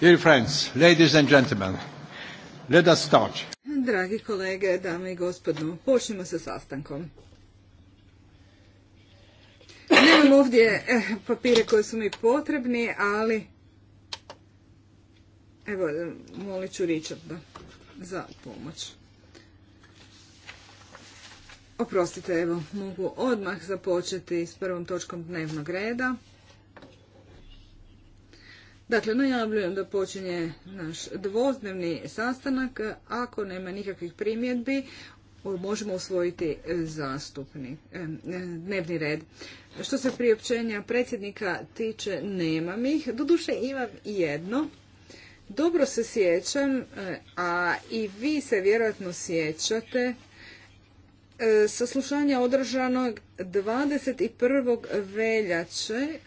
Dear Dragi kolege, dame i gospodo, počnimo sa sastankom. Nemam ovdje eh, papire koji su mi potrebni, ali evo, molit ću Richarda za pomoć. Oprostite, evo, mogu odmah započeti s prvom točkom dnevnog reda – Dakle, najavljujem da počinje naš dvozdnevni sastanak. Ako nema nikakvih primjedbi, možemo usvojiti zastupni eh, dnevni red. Što se priopćenja predsjednika tiče, nemam ih. Doduše imam jedno. Dobro se sjećam, eh, a i vi se vjerojatno sjećate, eh, saslušanja održanog 21. veljače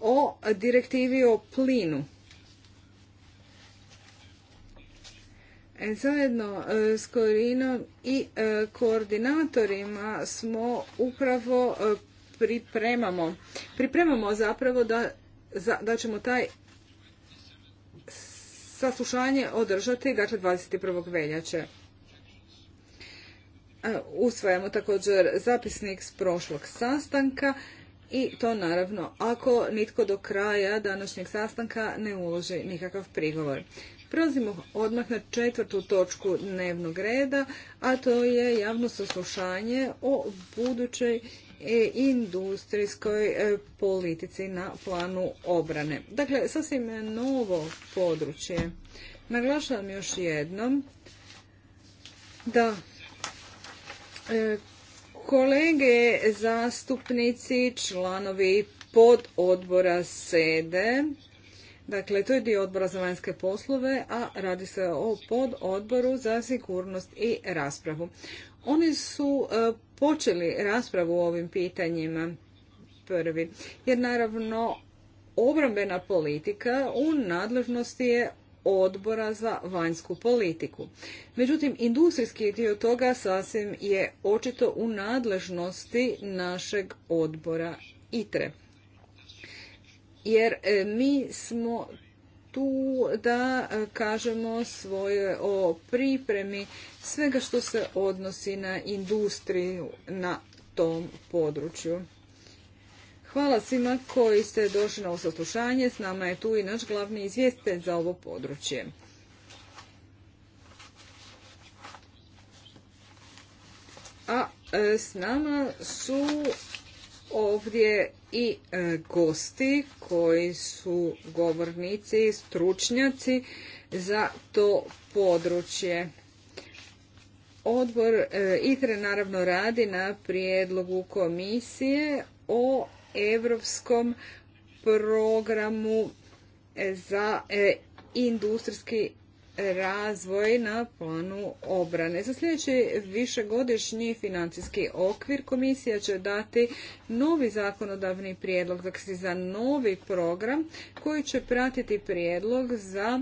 o direktivi o plinu. E, zajedno e, s Korinom i e, koordinatorima smo upravo pripremamo. Pripremamo zapravo da, ćemo taj saslušanje održati, dakle 21. veljače. Usvajamo također zapisnik s prošlog sastanka i to naravno ako nitko do kraja današnjeg sastanka ne uloži nikakav prigovor. Prelazimo odmah na četvrtu točku dnevnog reda, a to je javno saslušanje o budućoj e, industrijskoj e, politici na planu obrane. Dakle, sasvim novo područje. Naglašavam još jednom da e, Kolege zastupnici, članovi pod odbora sede, dakle to je dio odbora za vanjske poslove, a radi se o pod odboru za sigurnost i raspravu. Oni su e, počeli raspravu o ovim pitanjima prvi, jer naravno obrambena politika u nadležnosti je odbora za vanjsku politiku. Međutim, industrijski dio toga sasvim je očito u nadležnosti našeg odbora ITRE. Jer e, mi smo tu da e, kažemo svoje o pripremi svega što se odnosi na industriju na tom području. Hvala svima koji ste došli na ovo saslušanje. S nama je tu i naš glavni izvjestitelj za ovo područje. A e, s nama su ovdje i e, gosti koji su govornici, stručnjaci za to područje. Odbor e, ITRE naravno radi na prijedlogu komisije o europskom programu e, za e, industrijski razvoj na planu obrane. Za sljedeći višegodišnji financijski okvir komisija će dati novi zakonodavni prijedlog dakle, za novi program koji će pratiti prijedlog za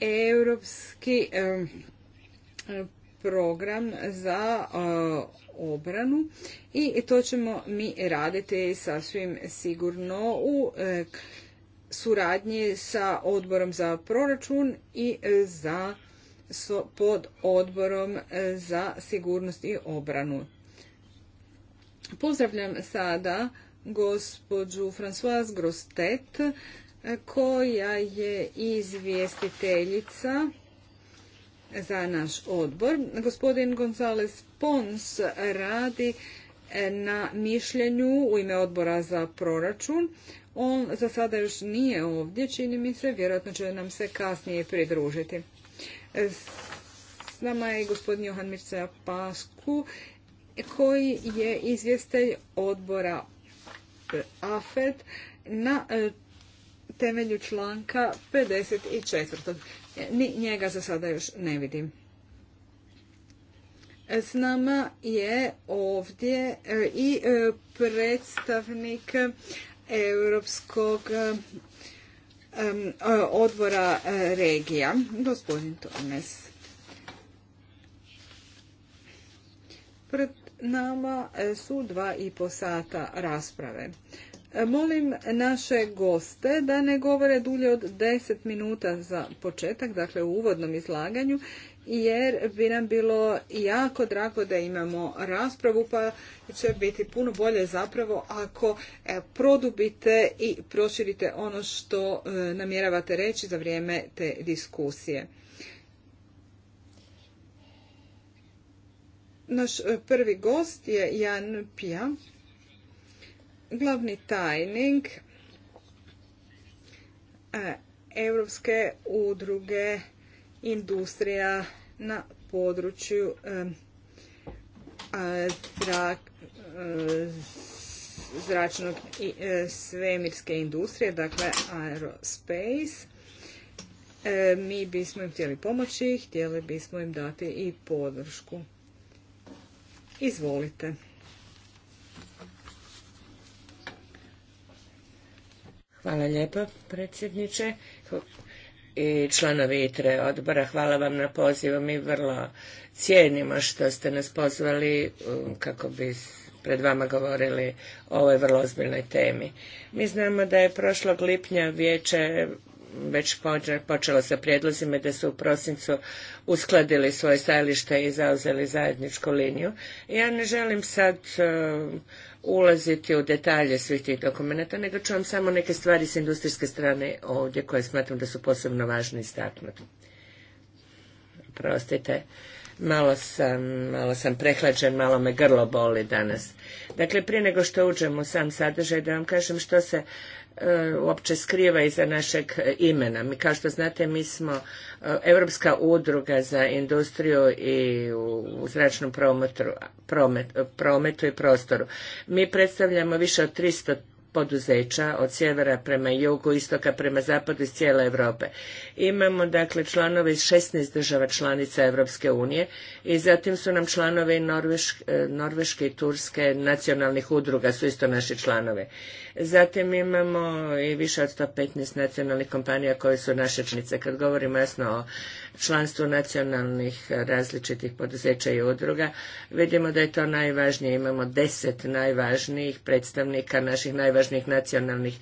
europski program za obranu i to ćemo mi raditi sasvim sigurno u e, suradnji sa odborom za proračun i e, za pod odborom e, za sigurnost i obranu. Pozdravljam sada gospođu Françoise Grostet koja je izvjestiteljica za naš odbor. Gospodin Gonzales Pons radi e, na mišljenju u ime odbora za proračun. On za sada još nije ovdje, čini mi se, vjerojatno će nam se kasnije pridružiti. E, s nama je gospodin Johan Pasku, koji je izvjestitelj odbora AFED na e, temelju članka 54. Ni njega za sada još ne vidim. S nama je ovdje e, i e, predstavnik Europskog e, odbora regija, gospodin Tomes. Pred nama su dva i po sata rasprave. Molim naše goste da ne govore dulje od 10 minuta za početak, dakle u uvodnom izlaganju, jer bi nam bilo jako drago da imamo raspravu, pa će biti puno bolje zapravo ako e, produbite i proširite ono što e, namjeravate reći za vrijeme te diskusije. Naš e, prvi gost je Jan Pijan glavni tajnik Europske udruge industrija na području e, zračnog i e, svemirske industrije, dakle aerospace. E, mi bismo im htjeli pomoći, htjeli bismo im dati i podršku. Izvolite. Hvala lijepo, predsjedniče i članovi ITRE odbora. Hvala vam na pozivu. Mi vrlo cijenimo što ste nas pozvali um, kako bi pred vama govorili o ovoj vrlo ozbiljnoj temi. Mi znamo da je prošlog lipnja vijeće već počelo sa prijedlozima da su u prosincu uskladili svoje stajalište i zauzeli zajedničku liniju. Ja ne želim sad um, ulaziti u detalje svih tih dokumenta, nego ću vam samo neke stvari s industrijske strane ovdje koje smatram da su posebno važne istaknuti. Prostite, malo sam, malo sam prehlađen, malo me grlo boli danas. Dakle, prije nego što uđem u sam sadržaj, da vam kažem što se E, uopće skriva iza našeg imena. Mi, kao što znate, mi smo e, Europska udruga za industriju i u zračnom prometu i prostoru. Mi predstavljamo više od 300 poduzeća od sjevera prema jugu, istoka prema zapadu iz cijele Europe. Imamo dakle članove iz 16 država članica Europske unije i zatim su nam članovi Norveške, Norveške i Turske nacionalnih udruga su isto naši članove. Zatim imamo i više od 115 nacionalnih kompanija koje su naše članice. Kad govorimo jasno o članstvu nacionalnih različitih poduzeća i udruga, vidimo da je to najvažnije. Imamo deset najvažnijih predstavnika naših najvažnijih nacionalnih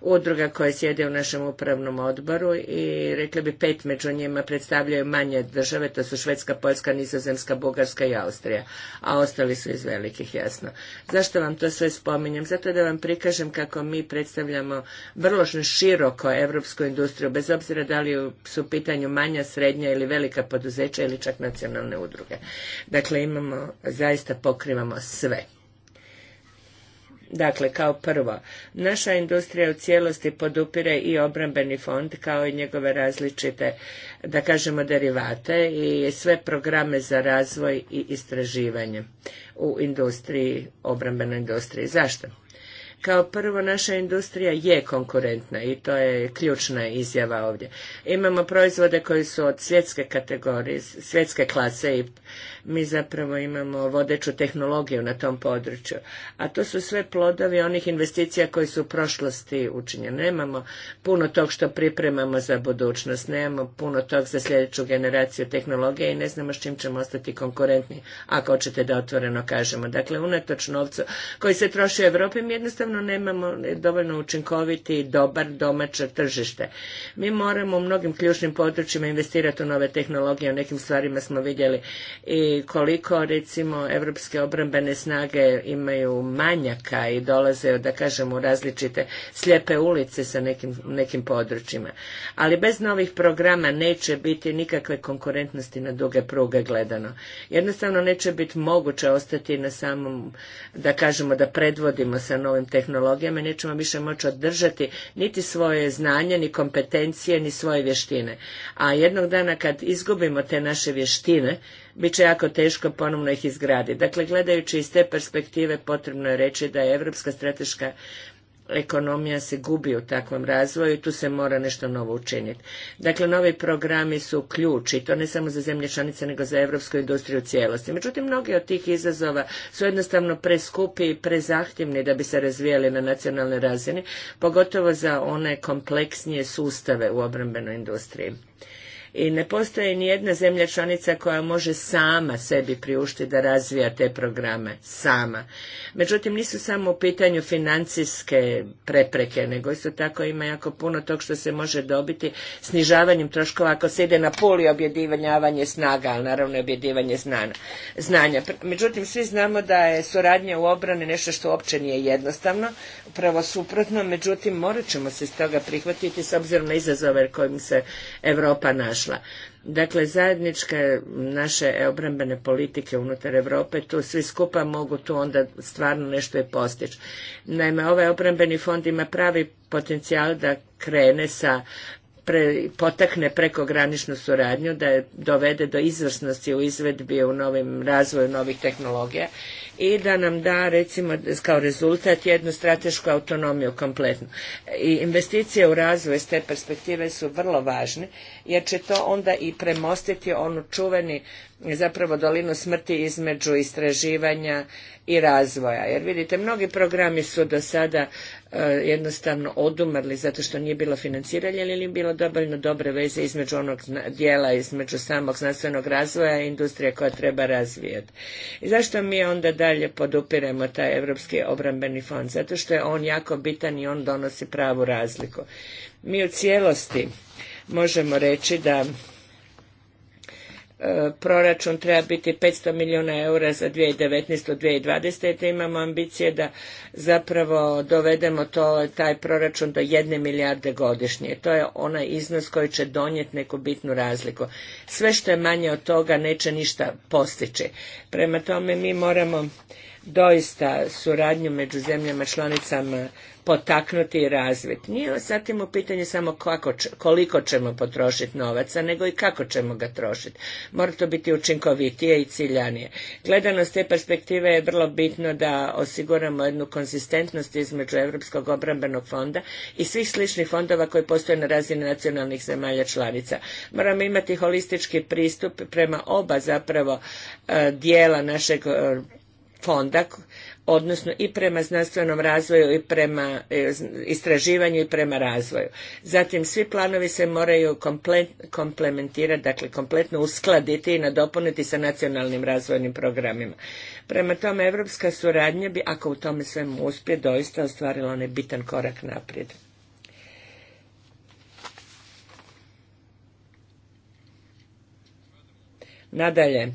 udruga koje sjede u našem upravnom odboru i rekli bi pet među njima predstavljaju manje države, to su Švedska, Poljska, Nizozemska, Bugarska i Austrija, a ostali su iz velikih, jasno. Zašto vam to sve spominjem? Zato da vam prikažem kako mi predstavljamo vrlo široko evropsku industriju, bez obzira da li su u pitanju manja, srednja ili velika poduzeća ili čak nacionalne udruge. Dakle, imamo, zaista pokrivamo sve. Dakle, kao prvo, naša industrija u cijelosti podupire i obrambeni fond kao i njegove različite, da kažemo, derivate i sve programe za razvoj i istraživanje u industriji, obrambenoj industriji. Zašto? Kao prvo, naša industrija je konkurentna i to je ključna izjava ovdje. Imamo proizvode koji su od svjetske kategorije, svjetske klase i mi zapravo imamo vodeću tehnologiju na tom području. A to su sve plodovi onih investicija koje su u prošlosti učinjene. Nemamo puno tog što pripremamo za budućnost, nemamo puno tog za sljedeću generaciju tehnologije i ne znamo s čim ćemo ostati konkurentni, ako hoćete da otvoreno kažemo. Dakle, unatoč novcu koji se troši u Europi, mi jednostavno nemamo dovoljno učinkoviti i dobar domaće tržište. Mi moramo u mnogim ključnim područjima investirati u nove tehnologije, u nekim stvarima smo vidjeli i koliko recimo evropske obrambene snage imaju manjaka i dolaze da kažemo u različite slijepe ulice sa nekim, nekim područjima. Ali bez novih programa neće biti nikakve konkurentnosti na duge pruge gledano. Jednostavno neće biti moguće ostati na samom, da kažemo da predvodimo sa novim tehnologijama i nećemo više moći održati niti svoje znanje, ni kompetencije, ni svoje vještine. A jednog dana kad izgubimo te naše vještine, bit će jako teško ponovno ih izgraditi. Dakle, gledajući iz te perspektive potrebno je reći da je Europska strateška ekonomija se gubi u takvom razvoju i tu se mora nešto novo učiniti. Dakle, novi programi su ključ i to ne samo za zemlje članice nego za europsku industriju u cijelosti. Međutim, mnogi od tih izazova su jednostavno preskupi i prezahtjevni da bi se razvijali na nacionalnoj razini, pogotovo za one kompleksnije sustave u obrambenoj industriji i ne postoji ni jedna zemlja članica koja može sama sebi priuštiti da razvija te programe sama. Međutim, nisu samo u pitanju financijske prepreke, nego isto tako ima jako puno tog što se može dobiti snižavanjem troškova ako se ide na poli objedivanjavanje snaga, ali naravno objedivanje znanja. Međutim, svi znamo da je suradnja u obrani nešto što uopće nije jednostavno, Pravo suprotno, međutim morat ćemo se iz toga prihvatiti s obzirom na izazove kojim se Europa naša. Dakle, zajedničke naše obrambene politike unutar Europe, tu svi skupa mogu tu onda stvarno nešto i postići. Naime, ovaj obrambeni fond ima pravi potencijal da krene sa potakne prekograničnu suradnju, da je dovede do izvrsnosti u izvedbi u novim razvoju novih tehnologija i da nam da recimo kao rezultat jednu stratešku autonomiju kompletnu. I investicije u razvoj s te perspektive su vrlo važne jer će to onda i premostiti onu čuveni zapravo dolinu smrti između istraživanja i razvoja. Jer vidite, mnogi programi su do sada e, jednostavno odumrli zato što nije bilo financiranje ili nije bilo dovoljno dobre veze između onog dijela, između samog znanstvenog razvoja i industrije koja treba razvijati. I zašto mi onda dalje podupiremo taj Europski obrambeni fond? Zato što je on jako bitan i on donosi pravu razliku. Mi u cijelosti možemo reći da E, proračun treba biti 500 milijuna eura za 2019. 2020. da imamo ambicije da zapravo dovedemo to, taj proračun do jedne milijarde godišnje. To je onaj iznos koji će donijeti neku bitnu razliku. Sve što je manje od toga neće ništa postići. Prema tome mi moramo doista suradnju među zemljama članicama potaknuti i razviti. Nije zatim u pitanju samo kako, koliko ćemo potrošiti novaca, nego i kako ćemo ga trošiti. Mora to biti učinkovitije i ciljanije. Gledano s te perspektive je vrlo bitno da osiguramo jednu konzistentnost između Europskog obrambenog fonda i svih sličnih fondova koji postoje na razini nacionalnih zemalja članica. Moramo imati holistički pristup prema oba zapravo e, dijela našeg e, fonda odnosno i prema znanstvenom razvoju i prema e, istraživanju i prema razvoju. Zatim svi planovi se moraju komplementirati, dakle kompletno uskladiti i nadopuniti sa nacionalnim razvojnim programima. Prema tome, evropska suradnja bi, ako u tome svemu uspije, doista ostvarila onaj bitan korak naprijed. Nadalje,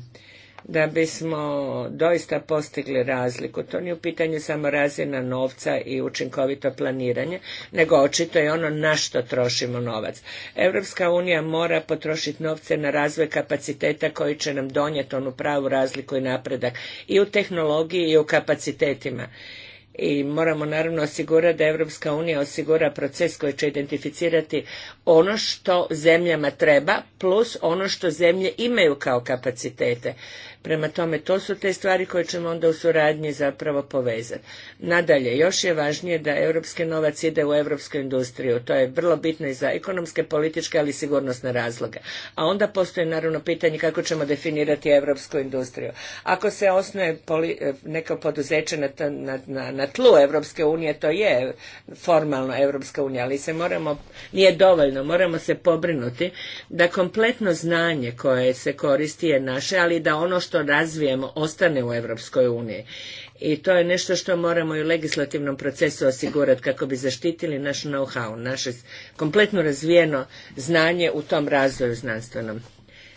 da bismo doista postigli razliku. To nije u pitanju samo razina novca i učinkovito planiranje, nego očito je ono na što trošimo novac. Europska unija mora potrošiti novce na razvoj kapaciteta koji će nam donijeti onu pravu razliku i napredak i u tehnologiji i u kapacitetima i moramo naravno osigurati da Evropska unija osigura proces koji će identificirati ono što zemljama treba plus ono što zemlje imaju kao kapacitete. Prema tome, to su te stvari koje ćemo onda u suradnji zapravo povezati. Nadalje, još je važnije da europski novac ide u europsku industriju. To je vrlo bitno i za ekonomske, političke, ali i sigurnosne razloge. A onda postoji naravno pitanje kako ćemo definirati europsku industriju. Ako se osnoje e, neko poduzeće na, tlu Europske unije, to je formalno Europska unija, ali se moramo, nije dovoljno, moramo se pobrinuti da kompletno znanje koje se koristi je naše, ali da ono što razvijemo ostane u Europskoj uniji. I to je nešto što moramo i u legislativnom procesu osigurati kako bi zaštitili naš know-how, naše kompletno razvijeno znanje u tom razvoju znanstvenom.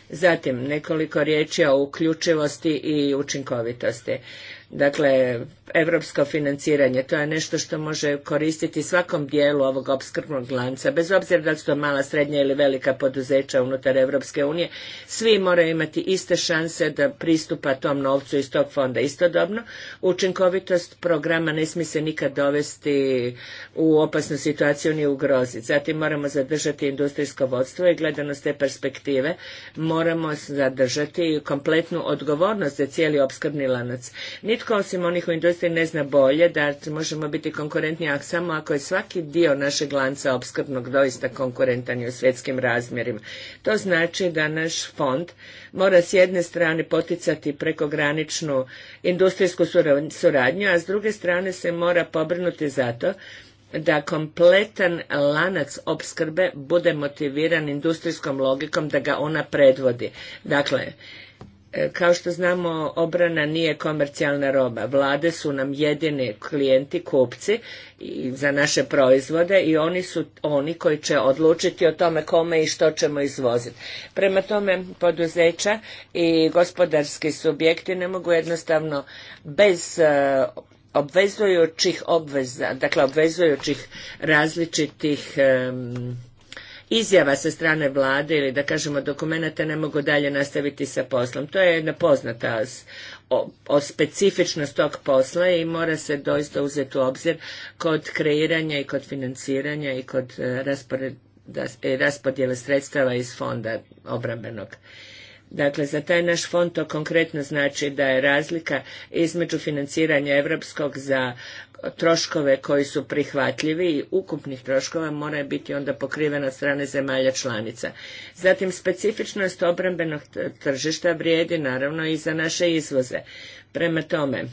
Zatim nekoliko riječi o uključivosti i učinkovitosti. Dakle, europsko financiranje, to je nešto što može koristiti svakom dijelu ovog opskrbnog lanca, bez obzira da su to mala, srednja ili velika poduzeća unutar Europske unije, svi moraju imati iste šanse da pristupa tom novcu iz tog fonda. Istodobno, učinkovitost programa ne smije se nikad dovesti u opasnu situaciju ni ugroziti. Zatim moramo zadržati industrijsko vodstvo i gledano s te perspektive moramo zadržati kompletnu odgovornost za cijeli opskrbni lanac. Ni Nitko osim onih u industriji ne zna bolje da možemo biti konkurentni samo ako je svaki dio našeg lanca opskrbnog doista konkurentan i u svjetskim razmjerima. To znači da naš fond mora s jedne strane poticati prekograničnu industrijsku suradnju, a s druge strane se mora pobrinuti za to da kompletan lanac opskrbe bude motiviran industrijskom logikom da ga ona predvodi. Dakle, E, kao što znamo, obrana nije komercijalna roba. Vlade su nam jedini klijenti, kupci za naše proizvode i oni su oni koji će odlučiti o tome kome i što ćemo izvoziti. Prema tome, poduzeća i gospodarski subjekti ne mogu jednostavno bez e, obvezujućih obveza, dakle obvezujućih različitih izjava sa strane vlade ili da kažemo dokumenata ne mogu dalje nastaviti sa poslom. To je jedna poznata o, specifičnost tog posla i mora se doista uzeti u obzir kod kreiranja i kod financiranja i kod e, e, raspodjele sredstava iz fonda obrambenog. Dakle, za taj naš fond to konkretno znači da je razlika između financiranja europskog za troškove koji su prihvatljivi i ukupnih troškova mora biti onda pokrivena strane zemalja članica. Zatim specifičnost obrambenog tržišta vrijedi naravno i za naše izvoze. Prema tome,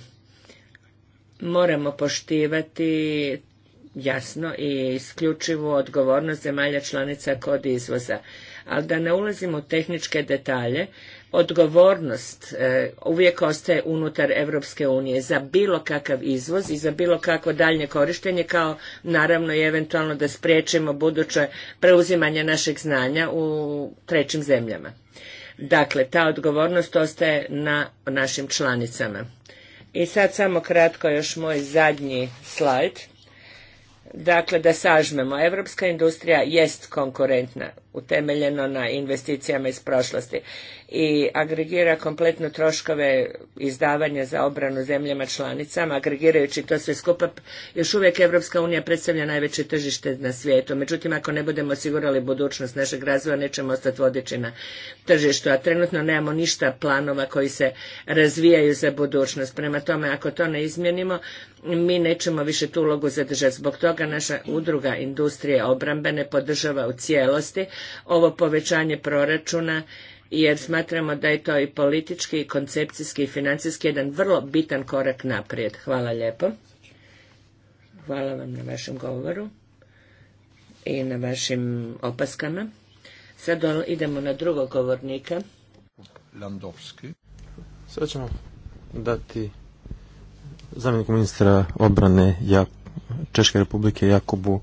moramo poštivati jasno i isključivu odgovornost zemalja članica kod izvoza. Ali da ne ulazimo u tehničke detalje, odgovornost e, uvijek ostaje unutar Europske unije za bilo kakav izvoz i za bilo kakvo daljnje korištenje kao naravno i eventualno da spriječimo buduće preuzimanje našeg znanja u trećim zemljama. Dakle, ta odgovornost ostaje na našim članicama. I sad samo kratko još moj zadnji slajd. Dakle, da sažmemo, evropska industrija jest konkurentna utemeljeno na investicijama iz prošlosti i agregira kompletno troškove izdavanja za obranu zemljama članicama, agregirajući to sve skupa, još uvijek Evropska unija predstavlja najveće tržište na svijetu. Međutim, ako ne budemo osigurali budućnost našeg razvoja, nećemo ostati vodeći na tržištu, a trenutno nemamo ništa planova koji se razvijaju za budućnost. Prema tome, ako to ne izmjenimo, mi nećemo više tu ulogu zadržati. Zbog toga naša udruga industrije obrambene podržava u cijelosti ovo povećanje proračuna jer smatramo da je to i politički i koncepcijski i financijski jedan vrlo bitan korak naprijed. Hvala lijepo. Hvala vam na vašem govoru i na vašim opaskama. Sad idemo na drugog govornika. Sad Sada ćemo dati zamjeniku ministra obrane Češke republike Jakobu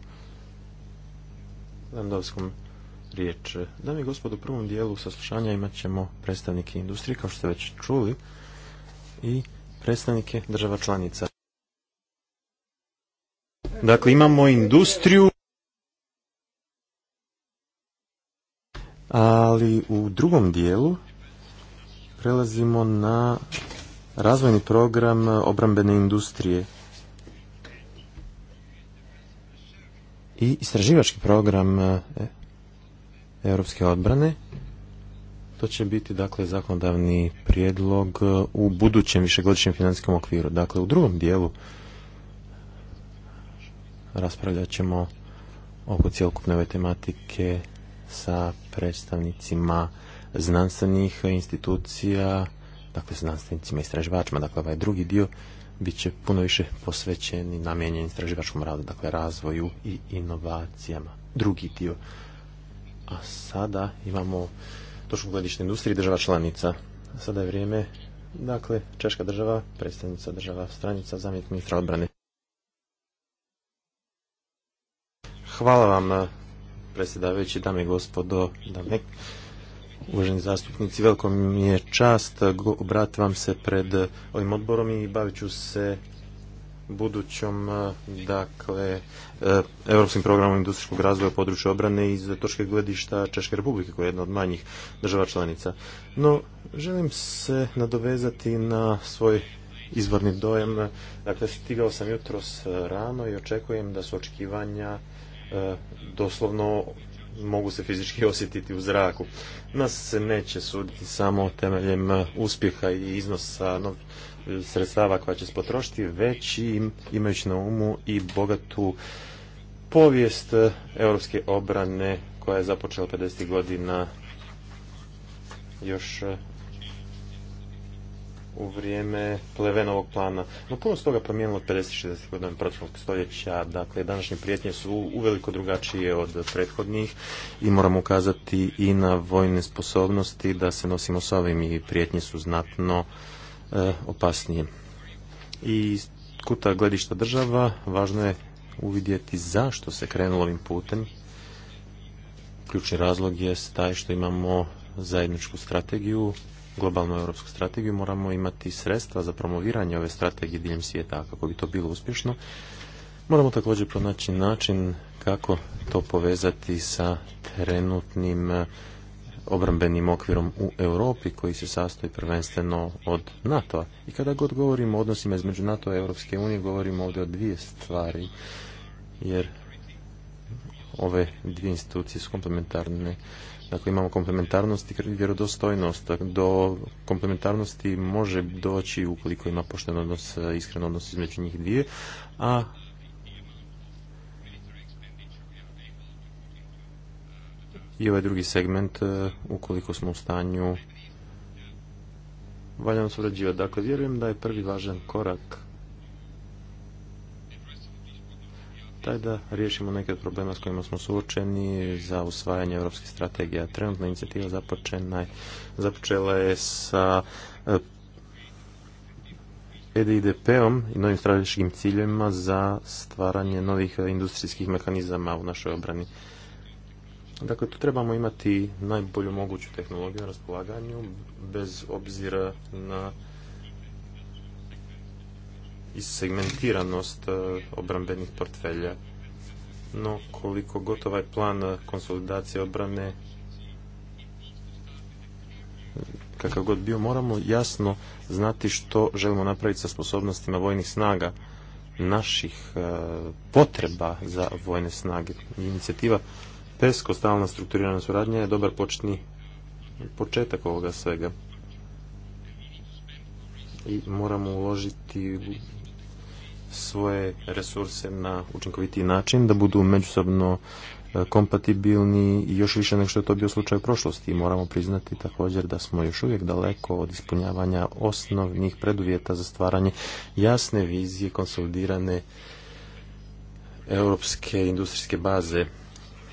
Landovskom riječ. Dame i gospodo, u prvom dijelu saslušanja imat ćemo predstavnike industrije, kao što ste već čuli, i predstavnike država članica. Dakle, imamo industriju, ali u drugom dijelu prelazimo na razvojni program obrambene industrije i istraživački program e, europske odbrane. To će biti dakle zakonodavni prijedlog e, u budućem višegodišnjem financijskom okviru. Dakle, u drugom dijelu raspravljat ćemo oko cjelokupne ove tematike sa predstavnicima znanstvenih institucija, dakle znanstvenicima i istraživačima, dakle ovaj drugi dio bit će puno više posvećen i namijenjen istraživačkom radu, dakle razvoju i inovacijama. Drugi dio a sada imamo točkogodišnje industrije država članica. A sada je vrijeme, dakle, Češka država, predstavnica država stranica, zamjenik ministra odbrane. Hvala vam, eh, predsjedavajući dame i gospodo, dame, uvaženi zastupnici, veliko mi je čast, eh, obrat vam se pred eh, ovim odborom i bavit ću se budućom e, dakle e, europskim programom industrijskog razvoja područja obrane iz točke gledišta Češke republike koja je jedna od manjih država članica. No, želim se nadovezati na svoj izvorni dojem. Dakle, stigao sam jutros rano i očekujem da su očekivanja e, doslovno mogu se fizički osjetiti u zraku. Nas se neće suditi samo temeljem uspjeha i iznosa sredstava koja će se potrošiti, već imajući na umu i bogatu povijest europske obrane koja je započela 50. godina još e, u vrijeme Plevenovog plana. No puno se toga promijenilo od 50-60 godina prošlog stoljeća. Dakle, današnje prijetnje su uveliko drugačije od prethodnih i moramo ukazati i na vojne sposobnosti da se nosimo s ovim i prijetnje su znatno E, opasnije. I iz kuta gledišta država važno je uvidjeti zašto se krenulo ovim putem. Ključni razlog je taj što imamo zajedničku strategiju, globalnu europsku strategiju, moramo imati sredstva za promoviranje ove strategije diljem svijeta, kako bi to bilo uspješno. Moramo također pronaći način kako to povezati sa trenutnim obrambenim okvirom u Europi koji se sastoji prvenstveno od NATO-a. I kada god govorimo o odnosima između NATO-a i Europske unije, govorimo ovdje o dvije stvari, jer ove dvije institucije su komplementarne. Dakle, imamo komplementarnost i vjerodostojnost. Do komplementarnosti može doći ukoliko ima pošten odnos, iskren odnos između njih dvije, a i ovaj drugi segment e, ukoliko smo u stanju valjano surađivati. Dakle, vjerujem da je prvi važan korak taj da riješimo neke od problema s kojima smo suočeni za usvajanje europskih strategija. Trenutna inicijativa započena, započela je sa EDIDP-om e i novim strateškim ciljevima za stvaranje novih industrijskih mehanizama u našoj obrani. Dakle, tu trebamo imati najbolju moguću tehnologiju na raspolaganju bez obzira na segmentiranost e, obrambenih portfelja. No, koliko god ovaj plan konsolidacije obrane kakav god bio, moramo jasno znati što želimo napraviti sa sposobnostima vojnih snaga naših e, potreba za vojne snage. Inicijativa PESCO, stalna strukturirana suradnja, je dobar početni početak ovoga svega. I moramo uložiti svoje resurse na učinkovitiji način, da budu međusobno e, kompatibilni i još više nego što je to bio slučaj u prošlosti. I moramo priznati također da smo još uvijek daleko od ispunjavanja osnovnih preduvjeta za stvaranje jasne vizije konsolidirane europske industrijske baze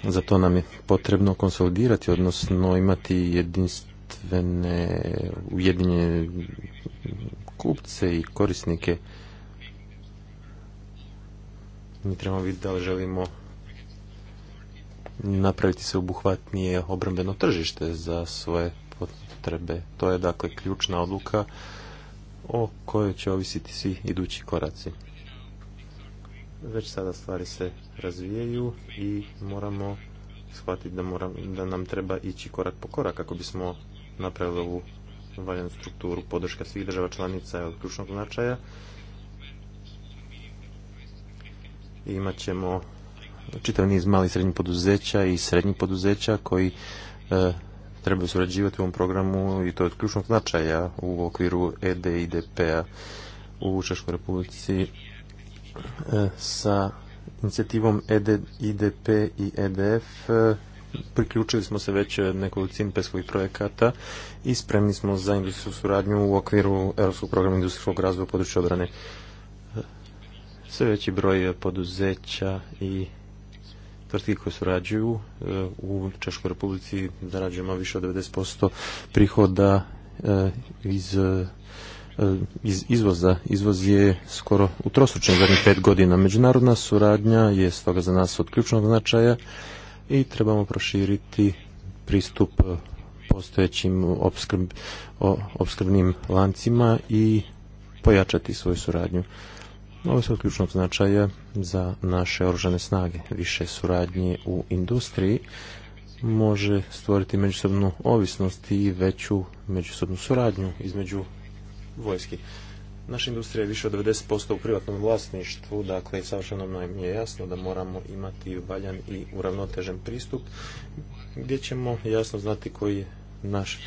za to nam je potrebno konsolidirati, odnosno imati jedinstvene, ujedinjene kupce i korisnike. Mi trebamo vidjeti da li želimo napraviti se obuhvatnije obrambeno tržište za svoje potrebe. To je dakle ključna odluka o kojoj će ovisiti svi idući koraci već sada stvari se razvijaju i moramo shvatiti da, moram, da nam treba ići korak po korak kako bismo napravili ovu valjanu strukturu podrška svih država članica od ključnog značaja i imat ćemo čitav niz malih srednjih poduzeća i srednjih poduzeća koji e, trebaju surađivati u ovom programu i to je od ključnog značaja u okviru EDIDP-a u Češkoj republici E, sa inicijativom IDP e i EDF e, priključili smo se već nekolicin peskovih projekata i spremni smo za industrijsku suradnju u okviru Europskog programa industrijskog razvoja područja obrane. Sve veći broj poduzeća i tvrtki koje surađuju u Češkoj republici zarađujemo više od 90% prihoda iz E, iz, izvoza. Izvoz je skoro utrostručen zadnjih pet godina. Međunarodna suradnja je stoga za nas od ključnog značaja i trebamo proširiti pristup postojećim o opskrbnim lancima i pojačati svoju suradnju. Ovo je od ključnog značaja za naše oružane snage. Više suradnje u industriji može stvoriti međusobnu ovisnost i veću međusobnu suradnju između vojski. Naša industrija je više od 90% u privatnom vlasništvu, dakle savršeno nam je jasno da moramo imati valjan i uravnotežen pristup gdje ćemo jasno znati koji naš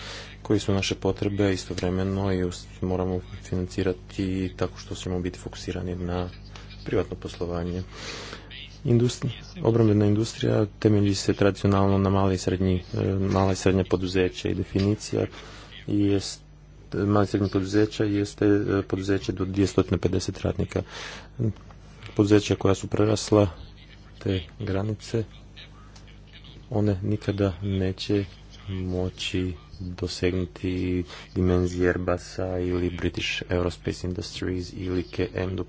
koji su naše potrebe istovremeno i moramo financirati tako što ćemo biti fokusirani na privatno poslovanje. Industri, obrambena industrija temelji se tradicionalno na male i srednji, e, mala i srednja poduzeća i definicija jest malih srednje poduzeća jeste e, poduzeće do 250 ratnika. Poduzeća koja su prerasla te granice, one nikada neće moći dosegnuti dimenzije Airbusa ili British Aerospace Industries ili km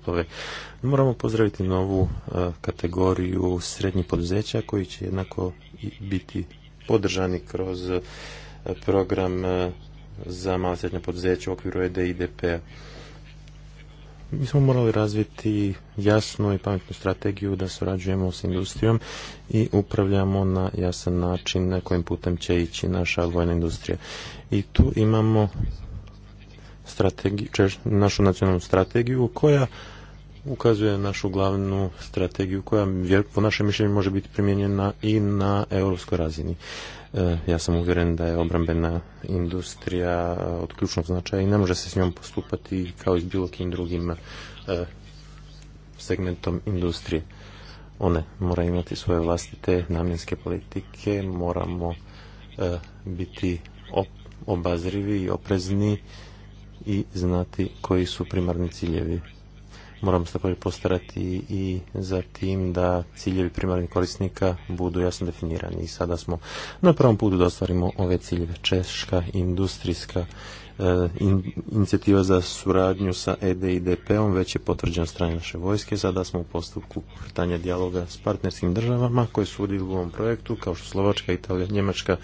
Moramo pozdraviti novu e, kategoriju srednjih poduzeća koji će jednako biti podržani kroz e, program za mala srednja poduzeća u okviru edidp Mi smo morali razviti jasnu i pametnu strategiju da surađujemo s industrijom i upravljamo na jasan način na kojim putem će ići naša vojna industrija. I tu imamo našu nacionalnu strategiju koja ukazuje našu glavnu strategiju koja po našem mišljenju može biti primijenjena i na europskoj razini. E, ja sam uvjeren da je obrambena industrija e, od ključnog značaja i ne može se s njom postupati kao i s bilo kim drugim e, segmentom industrije. One mora imati svoje vlastite namjenske politike, moramo biti obazrivi i oprezni i znati koji su primarni ciljevi Moramo se također postarati i za tim da ciljevi primarnih korisnika budu jasno definirani. I sada smo na prvom putu da ostvarimo ove ciljeve. Češka industrijska e, inicijativa za suradnju sa EDIDP-om već je potvrđena strane naše vojske. Sada smo u postupku pitanja dijaloga s partnerskim državama koje su u ovom projektu, kao što Slovačka, Italija, Njemačka,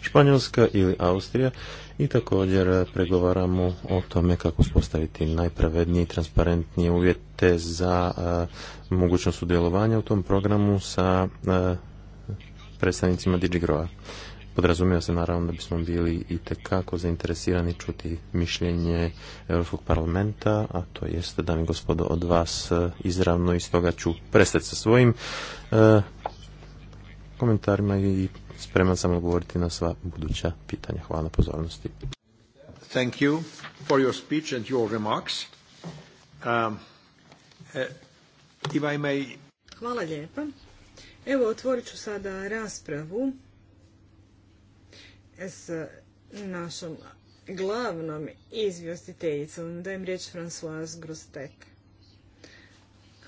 Španjolska ili Austrija i također eh, pregovaramo o tome kako uspostaviti najpravednije i transparentnije uvjete za eh, mogućnost sudjelovanja u tom programu sa eh, predstavnicima DigiGrova. Podrazumijeva se naravno da bismo bili i tekako zainteresirani čuti mišljenje Europskog parlamenta, a to jeste, mi gospodo, od vas izravno i stoga ću prestati sa svojim komentarima i spreman sam odgovoriti na sva buduća pitanja. Hvala na pozornosti. Thank you for your speech and your remarks. Um, eh, I Hvala lijepa. Evo, otvorit ću sada raspravu s našom glavnom izvjestiteljicom. Dajem riječ Françoise Grostek.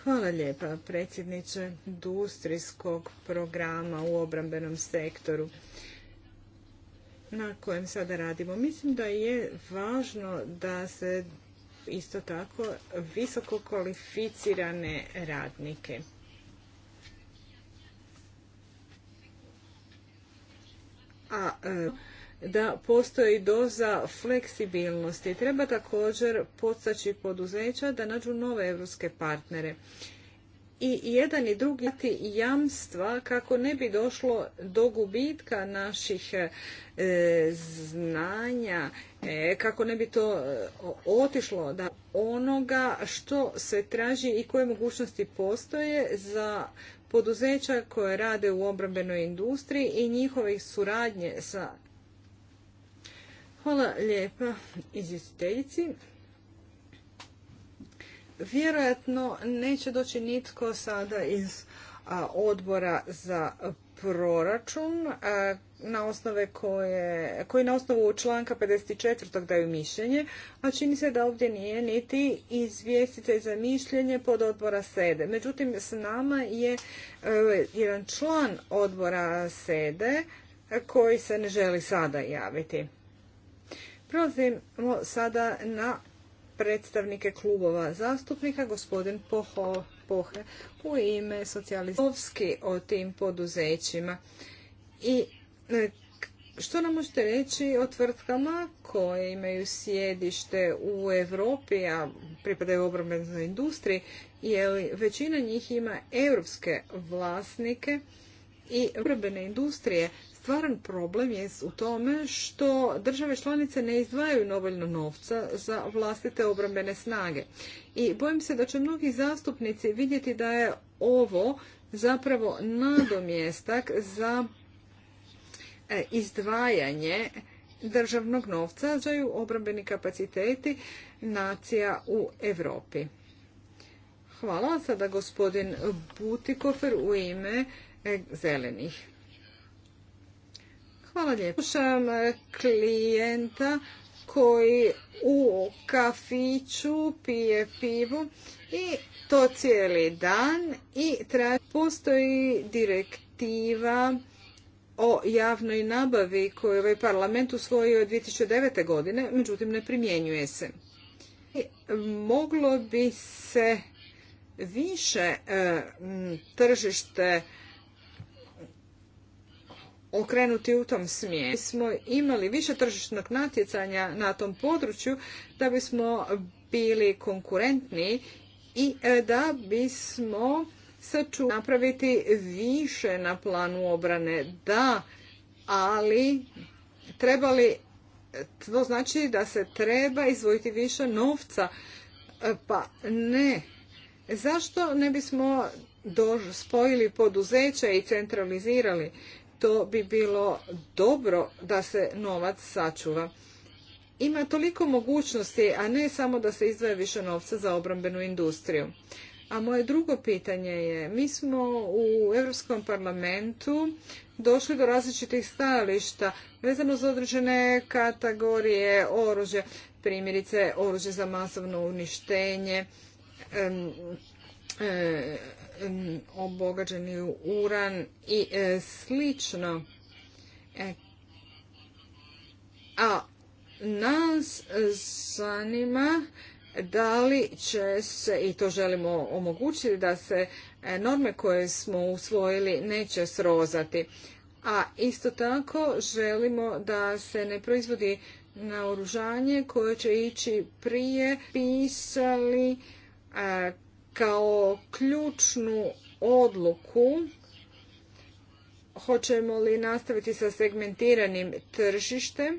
Hvala lijepa, predsjedniče industrijskog programa u obrambenom sektoru na kojem sada radimo. Mislim da je važno da se isto tako visoko kvalificirane radnike. A e, da postoji doza fleksibilnosti. Treba također podstaći poduzeća da nađu nove evropske partnere. I jedan i drugi jamstva kako ne bi došlo do gubitka naših e, znanja, e, kako ne bi to e, otišlo da onoga što se traži i koje mogućnosti postoje za poduzeća koje rade u obrambenoj industriji i njihove suradnje sa Hvala lijepa izvjestiteljici. Vjerojatno neće doći nitko sada iz odbora za proračun na osnove koje, koji na osnovu članka 54. daju mišljenje, a čini se da ovdje nije niti izvjestitelj za mišljenje pod odbora sede. Međutim, s nama je e, jedan član odbora sede koji se ne želi sada javiti. Prelazimo sada na predstavnike klubova zastupnika, gospodin Pohe u ime socijalistovski o tim poduzećima. I e, što nam možete reći o tvrtkama koje imaju sjedište u Europi, a pripadaju obrambenoj industriji, li većina njih ima europske vlasnike i obrambene industrije Stvaran problem je u tome što države članice ne izdvajaju dovoljno novca za vlastite obrambene snage. I bojim se da će mnogi zastupnici vidjeti da je ovo zapravo nadomjestak za e, izdvajanje državnog novca za obrambeni kapaciteti nacija u Europi. Hvala sada gospodin Butikofer u ime e, zelenih. Hvala lijepo. Slušam e, klijenta koji u kafiću pije pivu i to cijeli dan i traži. Postoji direktiva o javnoj nabavi koju je ovaj parlament usvojio 2009. godine, međutim ne primjenjuje se. moglo bi se više e, tržište okrenuti u tom smjeru. Smo imali više tržišnog natjecanja na tom području da bismo bili konkurentni i e, da bismo saču napraviti više na planu obrane. Da, ali trebali, to znači da se treba izvojiti više novca. E, pa ne. Zašto ne bismo spojili poduzeća i centralizirali? to bi bilo dobro da se novac sačuva. Ima toliko mogućnosti, a ne samo da se izdvaja više novca za obrambenu industriju. A moje drugo pitanje je, mi smo u Europskom parlamentu došli do različitih stajališta vezano za određene kategorije oružja, primjerice oružje za masovno uništenje, E, obogađeni uran i e, slično. E, a nas zanima da li će se, i to želimo omogućiti, da se norme koje smo usvojili neće srozati. A isto tako želimo da se ne proizvodi naoružanje koje će ići prije pisali kao ključnu odluku hoćemo li nastaviti sa segmentiranim tržištem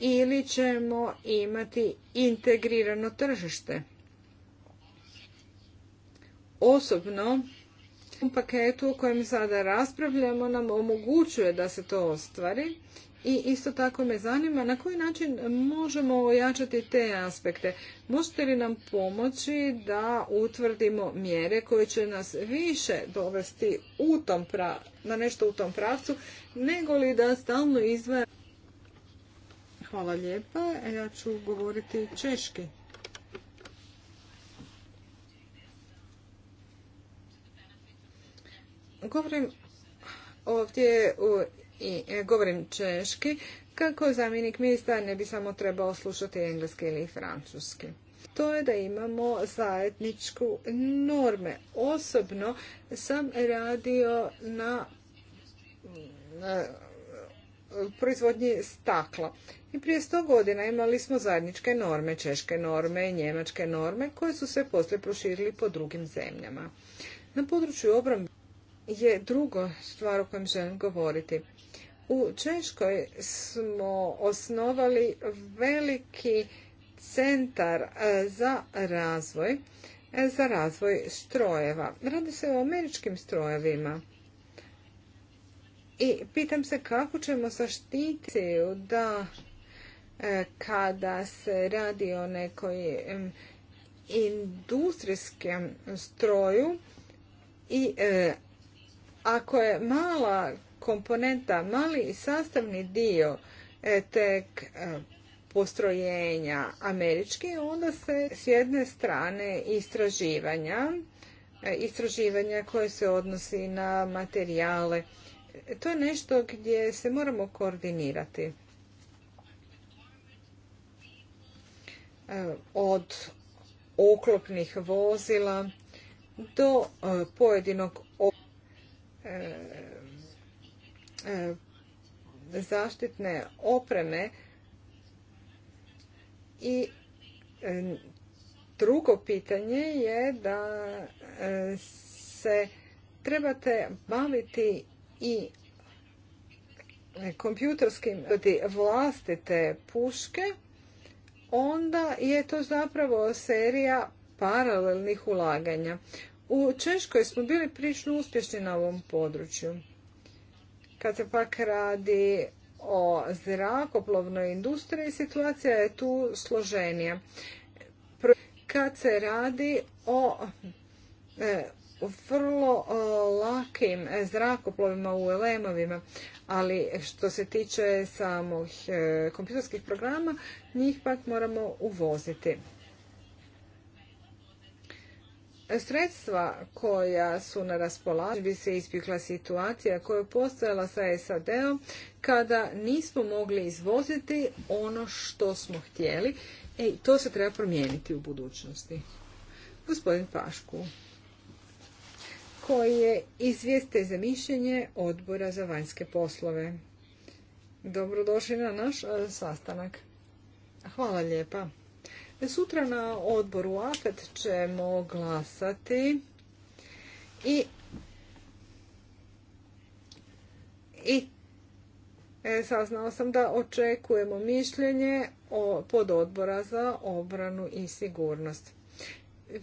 ili ćemo imati integrirano tržište. Osobno, u paketu o kojem sada raspravljamo nam omogućuje da se to ostvari i isto tako me zanima na koji način možemo ojačati te aspekte. Možete li nam pomoći da utvrdimo mjere koje će nas više dovesti u tom na nešto u tom pravcu, nego li da stalno izvaja... Hvala lijepa, e, ja ću govoriti češki. Govorim ovdje u i e, govorim češki, kako zamjenik ministra ne bi samo trebao slušati engleski ili francuski. To je da imamo zajedničku norme. Osobno sam radio na, proizvodnji stakla. I prije sto godina imali smo zajedničke norme, češke norme, njemačke norme, koje su se poslije proširili po drugim zemljama. Na području obrambe je drugo stvar o kojem želim govoriti. U Češkoj smo osnovali veliki centar e, za razvoj, e, za razvoj strojeva. Radi se o američkim strojevima. I pitam se kako ćemo zaštiti da e, kada se radi o nekoj industrijskom stroju i ako je mala komponenta, mali i sastavni dio e, tek e, postrojenja američki, onda se s jedne strane istraživanja, e, istraživanja koje se odnosi na materijale, to je nešto gdje se moramo koordinirati. Od oklopnih vozila do pojedinog E, zaštitne opreme i e, drugo pitanje je da e, se trebate baviti i kompjutorskim vlastite puške, onda je to zapravo serija paralelnih ulaganja. U Češkoj smo bili prično uspješni na ovom području. Kad se pak radi o zrakoplovnoj industriji, situacija je tu složenija. Kad se radi o e, vrlo e, lakim zrakoplovima u LM-ovima, ali što se tiče samih e, kompjuterskih programa, njih pak moramo uvoziti. Sredstva koja su na raspolaganju bi se ispikla situacija koja je postojala sa SAD-om kada nismo mogli izvoziti ono što smo htjeli i e, to se treba promijeniti u budućnosti. Gospodin Pašku koji je izvijeste za mišljenje odbora za vanjske poslove. Dobrodošli na naš e, sastanak. Hvala lijepa. Sutra na odboru apet ćemo glasati i i e, saznao sam da očekujemo mišljenje o, pod odbora za obranu i sigurnost.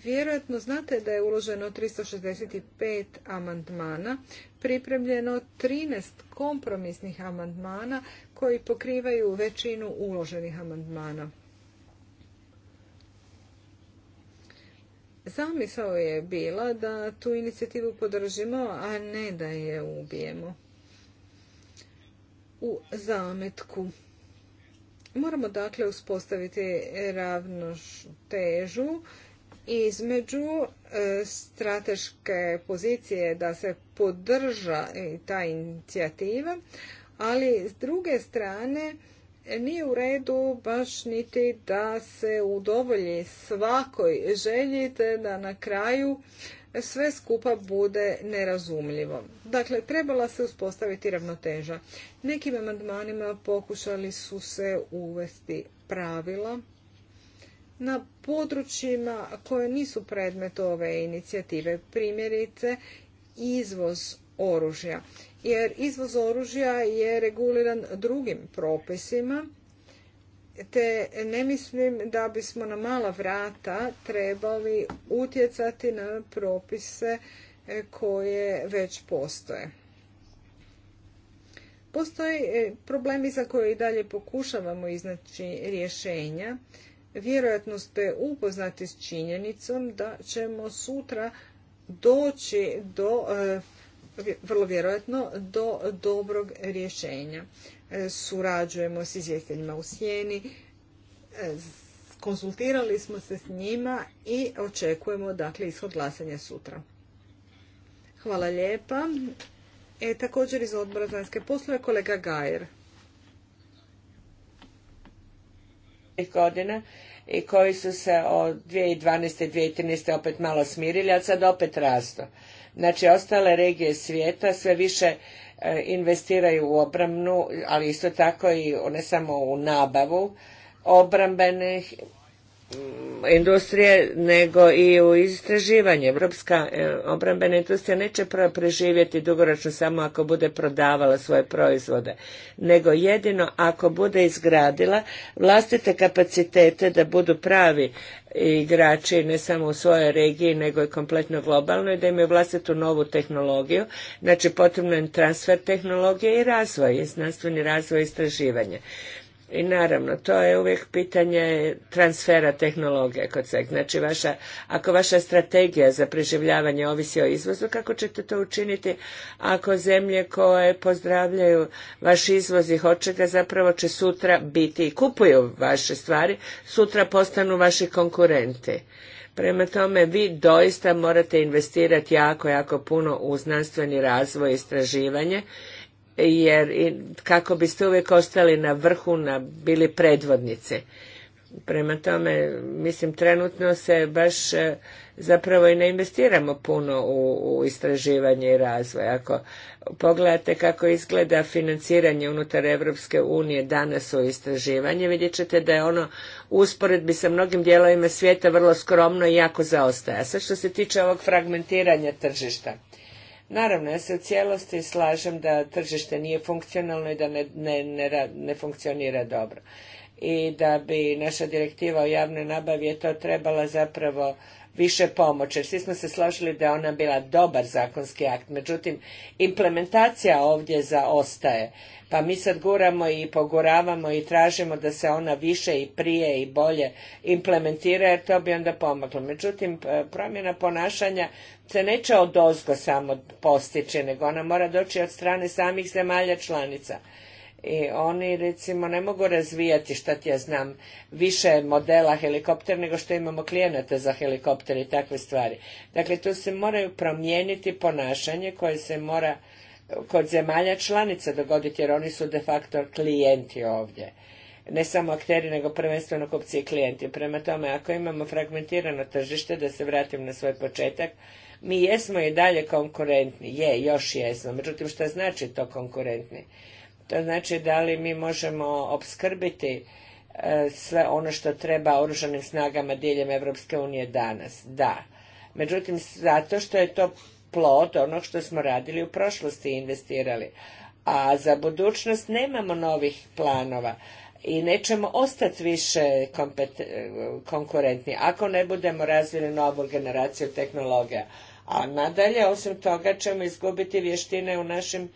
Vjerojatno znate da je uloženo 365 amandmana, pripremljeno 13 kompromisnih amandmana koji pokrivaju većinu uloženih amandmana. Zamisao je bila da tu inicijativu podržimo, a ne da je ubijemo u zametku. Moramo dakle uspostaviti ravnu težu između e, strateške pozicije da se podrža ta inicijativa, ali s druge strane nije u redu baš niti da se udovolji svakoj želji te da na kraju sve skupa bude nerazumljivo. Dakle, trebala se uspostaviti ravnoteža. Nekim amandmanima pokušali su se uvesti pravila na područjima koje nisu predmet ove inicijative, primjerice izvoz oružja jer izvoz oružja je reguliran drugim propisima, te ne mislim da bismo na mala vrata trebali utjecati na propise e, koje već postoje. Postoje problemi za koje i dalje pokušavamo iznaći rješenja. Vjerojatno ste upoznati s činjenicom da ćemo sutra doći do e, vrlo vjerojatno do dobrog rješenja. E, surađujemo s izvjestiteljima u sjeni, e, konsultirali smo se s njima i očekujemo dakle ishod glasanja sutra. Hvala lijepa. E, također iz odbora za poslove kolega Gajer. godina i koji su se od 2012. i 2013. opet malo smirili, a sad opet rasto. Znači, ostale regije svijeta sve više e, investiraju u obramnu, ali isto tako i ne samo u nabavu obrambenih industrije nego i u istraživanje. Evropska e, obrambena industrija neće preživjeti dugoročno samo ako bude prodavala svoje proizvode, nego jedino ako bude izgradila vlastite kapacitete da budu pravi igrači ne samo u svojoj regiji nego i kompletno globalno i da imaju vlastitu novu tehnologiju. Znači potrebno je transfer tehnologije i razvoj, znanstveni razvoj i istraživanje. I naravno, to je uvijek pitanje transfera tehnologije kod sveg. Znači, vaša, ako vaša strategija za preživljavanje ovisi o izvozu, kako ćete to učiniti ako zemlje koje pozdravljaju vaš izvoz i hoće ga zapravo će sutra biti i kupuju vaše stvari, sutra postanu vaši konkurenti. Prema tome, vi doista morate investirati jako, jako puno u znanstveni razvoj i istraživanje jer kako biste uvijek ostali na vrhu, na, bili predvodnici. Prema tome, mislim, trenutno se baš e, zapravo i ne investiramo puno u, istraživanje i razvoj. Ako pogledate kako izgleda financiranje unutar Evropske unije danas u istraživanje, vidjet ćete da je ono usporedbi sa mnogim dijelovima svijeta vrlo skromno i jako zaostaje. A sad što se tiče ovog fragmentiranja tržišta, Naravno, ja se u cijelosti slažem da tržište nije funkcionalno i da ne, ne, funkcionira dobro. I da bi naša direktiva o javnoj nabavi je to trebala zapravo više pomoći. Svi smo se složili da je ona bila dobar zakonski akt, međutim implementacija ovdje zaostaje. Pa mi sad guramo i poguravamo i tražimo da se ona više i prije i bolje implementira jer to bi onda pomoglo. Međutim, promjena ponašanja se neće ozgo samo postići, nego ona mora doći od strane samih zemalja članica i oni recimo ne mogu razvijati šta ti ja znam više modela helikoptera nego što imamo klijenata za helikopter i takve stvari. Dakle, tu se moraju promijeniti ponašanje koje se mora kod zemalja članica dogoditi jer oni su de facto klijenti ovdje. Ne samo akteri, nego prvenstveno kupci i klijenti. Prema tome, ako imamo fragmentirano tržište, da se vratim na svoj početak, mi jesmo i dalje konkurentni. Je, još jesmo. Međutim, šta znači to konkurentni? To znači da li mi možemo opskrbiti e, sve ono što treba oružanim snagama diljem Evropske unije danas. Da. Međutim, zato što je to plod onog što smo radili u prošlosti i investirali. A za budućnost nemamo novih planova i nećemo ostati više konkurentni ako ne budemo razvili novu generaciju tehnologija. A nadalje, osim toga, ćemo izgubiti vještine u našim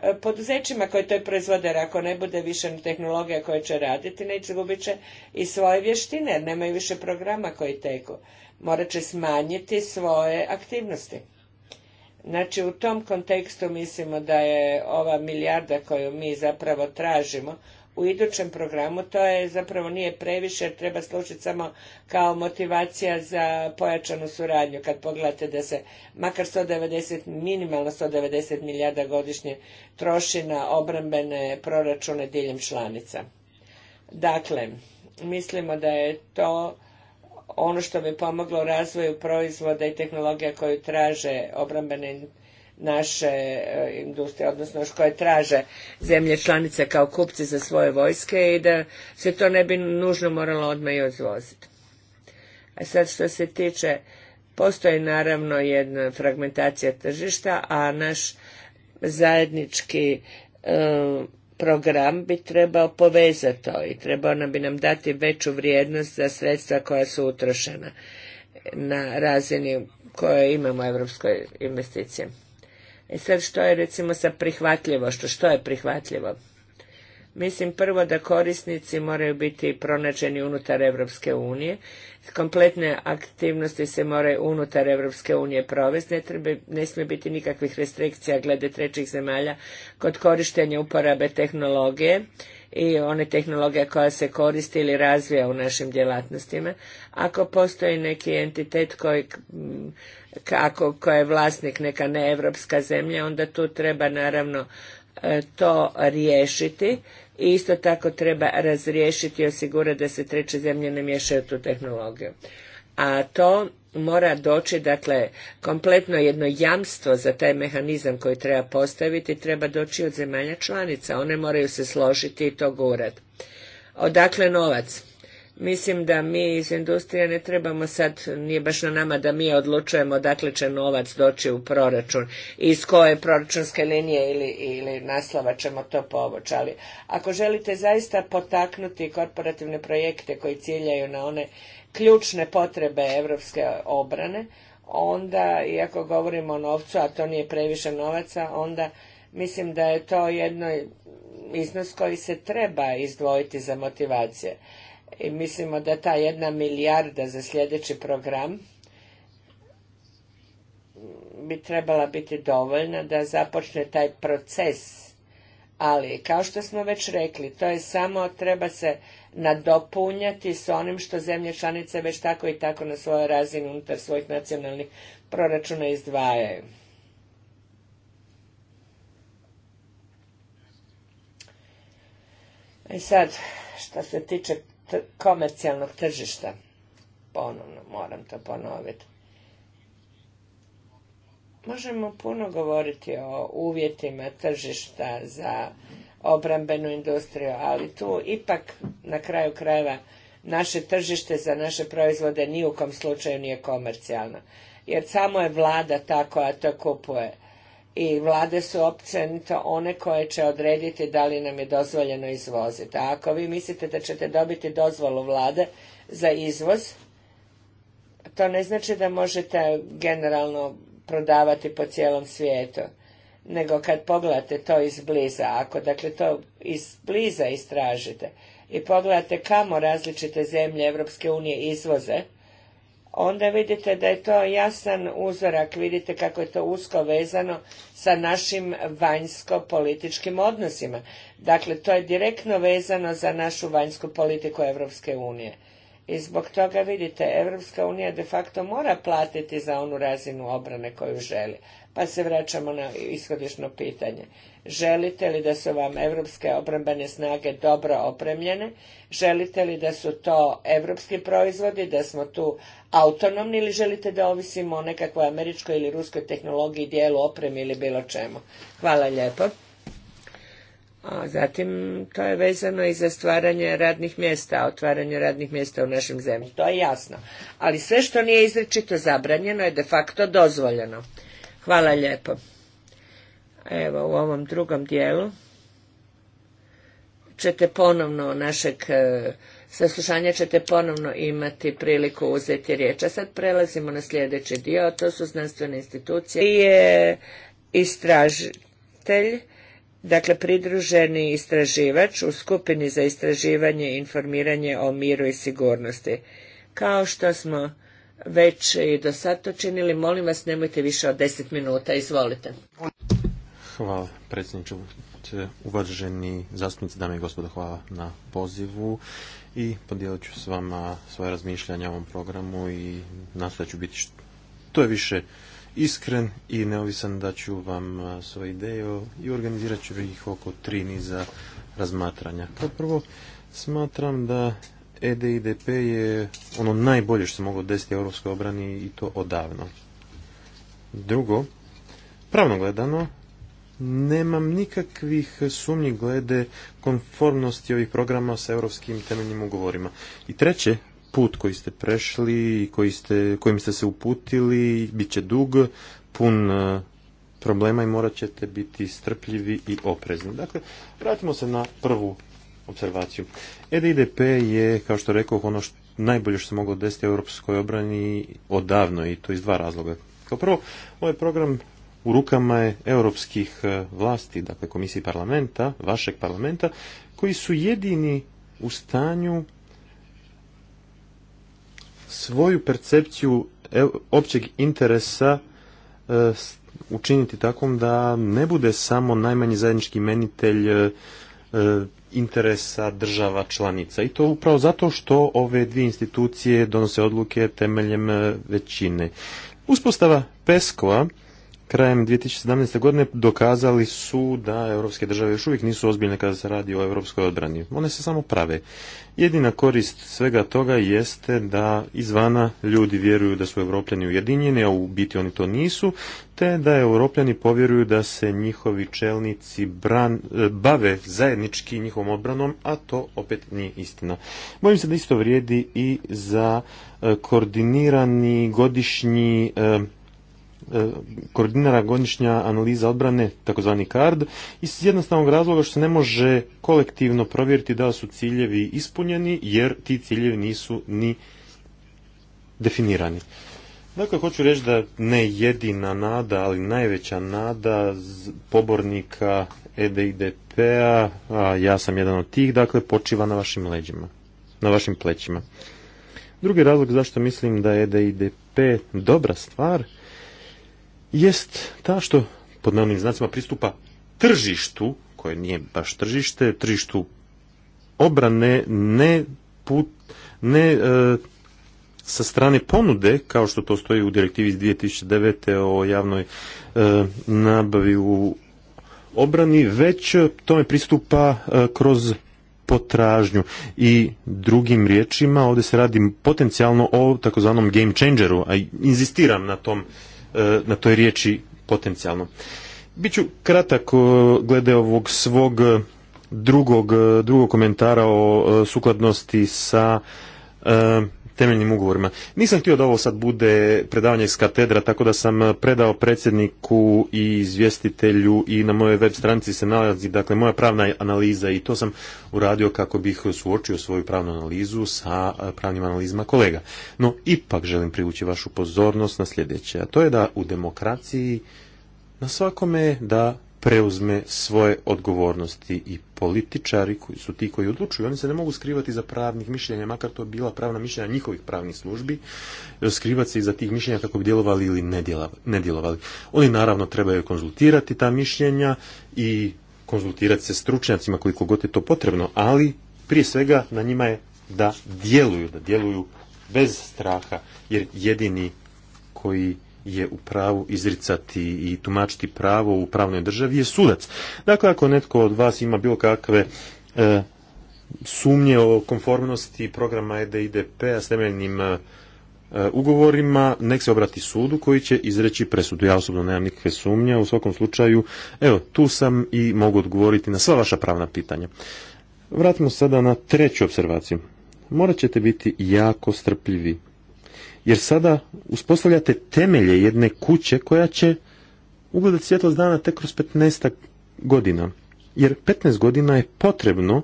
E, poduzećima koje to proizvode, jer ako ne bude više tehnologija koje će raditi, neće gubit će i svoje vještine, jer nemaju više programa koji teku. Morat će smanjiti svoje aktivnosti. Znači, u tom kontekstu mislimo da je ova milijarda koju mi zapravo tražimo u idućem programu, to je zapravo nije previše jer treba služiti samo kao motivacija za pojačanu suradnju kad pogledate da se makar 190, minimalno 190 milijarda godišnje troši na obrambene proračune diljem članica. Dakle, mislimo da je to ono što bi pomoglo razvoju proizvoda i tehnologija koju traže obrambene naše e, industrije, odnosno još koje traže zemlje članice kao kupci za svoje vojske i da se to ne bi nužno moralo odmah i odvoziti. A sad što se tiče, postoji naravno jedna fragmentacija tržišta, a naš zajednički e, program bi trebao povezati to i trebao bi nam dati veću vrijednost za sredstva koja su utrošena na razini koje imamo u Evropskoj investicije. E sad što je recimo sa prihvatljivošću, što je prihvatljivo? Mislim prvo da korisnici moraju biti pronađeni unutar Evropske unije, kompletne aktivnosti se moraju unutar Evropske unije provesti, ne, treba, ne smije biti nikakvih restrikcija glede trećih zemalja kod korištenja uporabe tehnologije i one tehnologije koja se koristi ili razvija u našim djelatnostima. Ako postoji neki entitet koji ako koja je vlasnik neka neevropska zemlja, onda tu treba naravno e, to riješiti i isto tako treba razriješiti i osigurati da se treće zemlje ne miješaju tu tehnologiju. A to mora doći, dakle, kompletno jedno jamstvo za taj mehanizam koji treba postaviti, treba doći od zemalja članica. One moraju se složiti i to gurati. Odakle novac? Mislim da mi iz industrije ne trebamo sad, nije baš na nama da mi odlučujemo dakle će novac doći u proračun iz koje proračunske linije ili, ili naslova ćemo to povući. Ali ako želite zaista potaknuti korporativne projekte koji ciljaju na one ključne potrebe evropske obrane, onda, iako govorimo o novcu, a to nije previše novaca, onda mislim da je to jedno iznos koji se treba izdvojiti za motivacije i mislimo da ta jedna milijarda za sljedeći program bi trebala biti dovoljna da započne taj proces. Ali, kao što smo već rekli, to je samo, treba se nadopunjati s onim što zemlje članice već tako i tako na svojoj razini unutar svojih nacionalnih proračuna izdvajaju. I e sad, što se tiče komercijalnog tržišta. Ponovno, moram to ponoviti. Možemo puno govoriti o uvjetima tržišta za obrambenu industriju, ali tu ipak na kraju krajeva naše tržište za naše proizvode ni u kom slučaju nije komercijalno. Jer samo je vlada ta koja to kupuje i vlade su općenito one koje će odrediti da li nam je dozvoljeno izvoziti. A ako vi mislite da ćete dobiti dozvolu vlade za izvoz, to ne znači da možete generalno prodavati po cijelom svijetu, nego kad pogledate to izbliza, ako dakle to izbliza istražite i pogledate kamo različite zemlje Europske unije izvoze, onda vidite da je to jasan uzorak, vidite kako je to usko vezano sa našim vanjsko-političkim odnosima. Dakle, to je direktno vezano za našu vanjsku politiku Evropske unije. I zbog toga vidite, Evropska unija de facto mora platiti za onu razinu obrane koju želi. Pa se vraćamo na ishodišno pitanje. Želite li da su vam evropske obrambene snage dobro opremljene? Želite li da su to evropski proizvodi, da smo tu autonomni ili želite da ovisimo o nekakvoj američkoj ili ruskoj tehnologiji, dijelu opremi ili bilo čemu? Hvala lijepo. A zatim, to je vezano i za stvaranje radnih mjesta, otvaranje radnih mjesta u našem zemlji. To je jasno. Ali sve što nije izričito zabranjeno je de facto dozvoljeno. Hvala lijepo evo u ovom drugom dijelu ćete ponovno našeg e, saslušanja ćete ponovno imati priliku uzeti riječ. A sad prelazimo na sljedeći dio, to su znanstvene institucije. I je istražitelj, dakle pridruženi istraživač u skupini za istraživanje i informiranje o miru i sigurnosti. Kao što smo već i do sada to činili, molim vas nemojte više od deset minuta, izvolite. Hvala predsjedniče, uvaženi zastupnici, dame i gospodo, hvala na pozivu i podijelit ću s vama svoje razmišljanja o ovom programu i nastojat ću biti što je više iskren i neovisan da ću vam svoje ideje i organizirat ću ih oko tri niza razmatranja. Kao prvo, smatram da EDIDP je ono najbolje što se moglo desiti Europskoj obrani i to odavno. Drugo, pravno gledano, nemam nikakvih sumnji glede konformnosti ovih programa sa europskim temeljnim ugovorima. I treće, put koji ste prešli i koji ste, kojim ste se uputili bit će dug, pun e, problema i morat ćete biti strpljivi i oprezni. Dakle, vratimo se na prvu observaciju. EDIDP je, kao što rekao, ono što najbolje što se moglo desiti u europskoj obrani odavno i to iz dva razloga. Kao prvo, ovaj program u rukama je europskih e, vlasti, dakle komisiji parlamenta, vašeg parlamenta, koji su jedini u stanju svoju percepciju e, općeg interesa e, učiniti takvom da ne bude samo najmanji zajednički menitelj interesa država članica. I to upravo zato što ove dvije institucije donose odluke temeljem većine. Uspostava Peskova krajem 2017. godine dokazali su da europske države još uvijek nisu ozbiljne kada se radi o europskoj odbrani. One se samo prave. Jedina korist svega toga jeste da izvana ljudi vjeruju da su europljani ujedinjeni, a u biti oni to nisu, te da europljani povjeruju da se njihovi čelnici e, bave zajednički njihovom odbranom, a to opet nije istina. Bojim se da isto vrijedi i za e, koordinirani godišnji e, E, koordinira godišnja analiza odbrane, takozvani CARD, iz jednostavnog razloga što se ne može kolektivno provjeriti da su ciljevi ispunjeni, jer ti ciljevi nisu ni definirani. Dakle, hoću reći da ne jedina nada, ali najveća nada pobornika EDIDP-a, a ja sam jedan od tih, dakle, počiva na vašim leđima, na vašim plećima. Drugi razlog zašto mislim da je EDIDP dobra stvar jest ta što pod navnim znacima pristupa tržištu, koje nije baš tržište, tržištu obrane ne ne e, sa strane ponude, kao što to stoji u direktivi iz 2009. o javnoj e, nabavi u obrani, već tome pristupa e, kroz potražnju i drugim riječima ovdje se radi potencijalno o takozvanom game changeru, a inzistiram na tom E, na toj riječi potencijalno. Biću kratak e, glede ovog svog e, drugog, drugog komentara o sukladnosti sa temeljnim ugovorima. Nisam htio da ovo sad bude predavanje iz katedra, tako da sam eh, predao predsjedniku i izvjestitelju i na mojoj web stranici se nalazi dakle moja pravna analiza i to sam uradio kako bih suočio svoju pravnu analizu sa eh, pravnim analizama kolega. No ipak želim privući vašu pozornost na sljedeće, a to je da u demokraciji na svakome da preuzme svoje odgovornosti i političari koji su ti koji odlučuju. Oni se ne mogu skrivati za pravnih mišljenja, makar to bila pravna mišljenja njihovih pravnih službi, skrivati se iza tih mišljenja kako bi djelovali ili ne djelovali. Oni naravno trebaju konzultirati ta mišljenja i konzultirati se stručnjacima koliko god je to potrebno, ali prije svega na njima je da djeluju, da djeluju bez straha, jer jedini koji je u pravu izricati i tumačiti pravo u pravnoj državi je sudac. Dakle, ako netko od vas ima bilo kakve e, sumnje o konformnosti programa EDIDP-a s temeljnim e, ugovorima, nek se obrati sudu koji će izreći presudu. Ja osobno nemam nikakve sumnje, u svakom slučaju, evo, tu sam i mogu odgovoriti na sva vaša pravna pitanja. Vratimo sada na treću observaciju. Morat ćete biti jako strpljivi jer sada uspostavljate temelje jedne kuće koja će ugledati svjetlo dana tek kroz 15 godina. Jer 15 godina je potrebno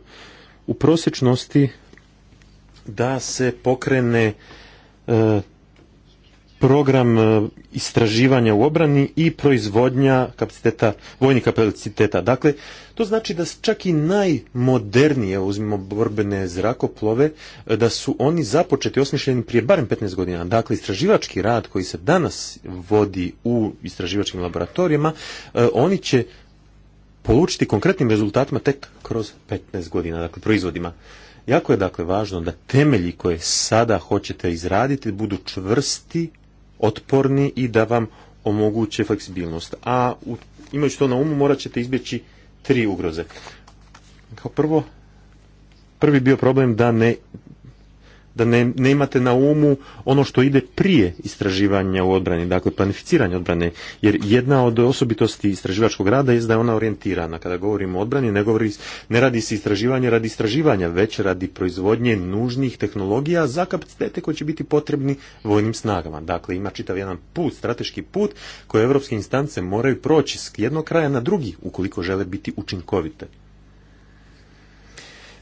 u prosječnosti da se pokrene e, program e, istraživanja u obrani i proizvodnja kapaciteta, vojnih kapaciteta. Dakle, to znači da čak i najmodernije, uzmimo borbene zrakoplove, e, da su oni započeti, osmišljeni prije barem 15 godina. Dakle, istraživački rad koji se danas vodi u istraživačkim laboratorijama, e, oni će polučiti konkretnim rezultatima tek kroz 15 godina, dakle, proizvodima. Jako je dakle važno da temelji koje sada hoćete izraditi budu čvrsti otporni i da vam omoguće fleksibilnost. A imajući to na umu morat ćete izbjeći tri ugroze. Kao prvo, prvi bio problem da ne da ne, imate na umu ono što ide prije istraživanja u odbrani, dakle planificiranje odbrane, jer jedna od osobitosti istraživačkog rada je da je ona orijentirana. Kada govorimo o odbrani, ne, govori, ne radi se istraživanje radi istraživanja, već radi proizvodnje nužnih tehnologija za kapacitete koji će biti potrebni vojnim snagama. Dakle, ima čitav jedan put, strateški put, koje evropske instance moraju proći s jednog kraja na drugi, ukoliko žele biti učinkovite.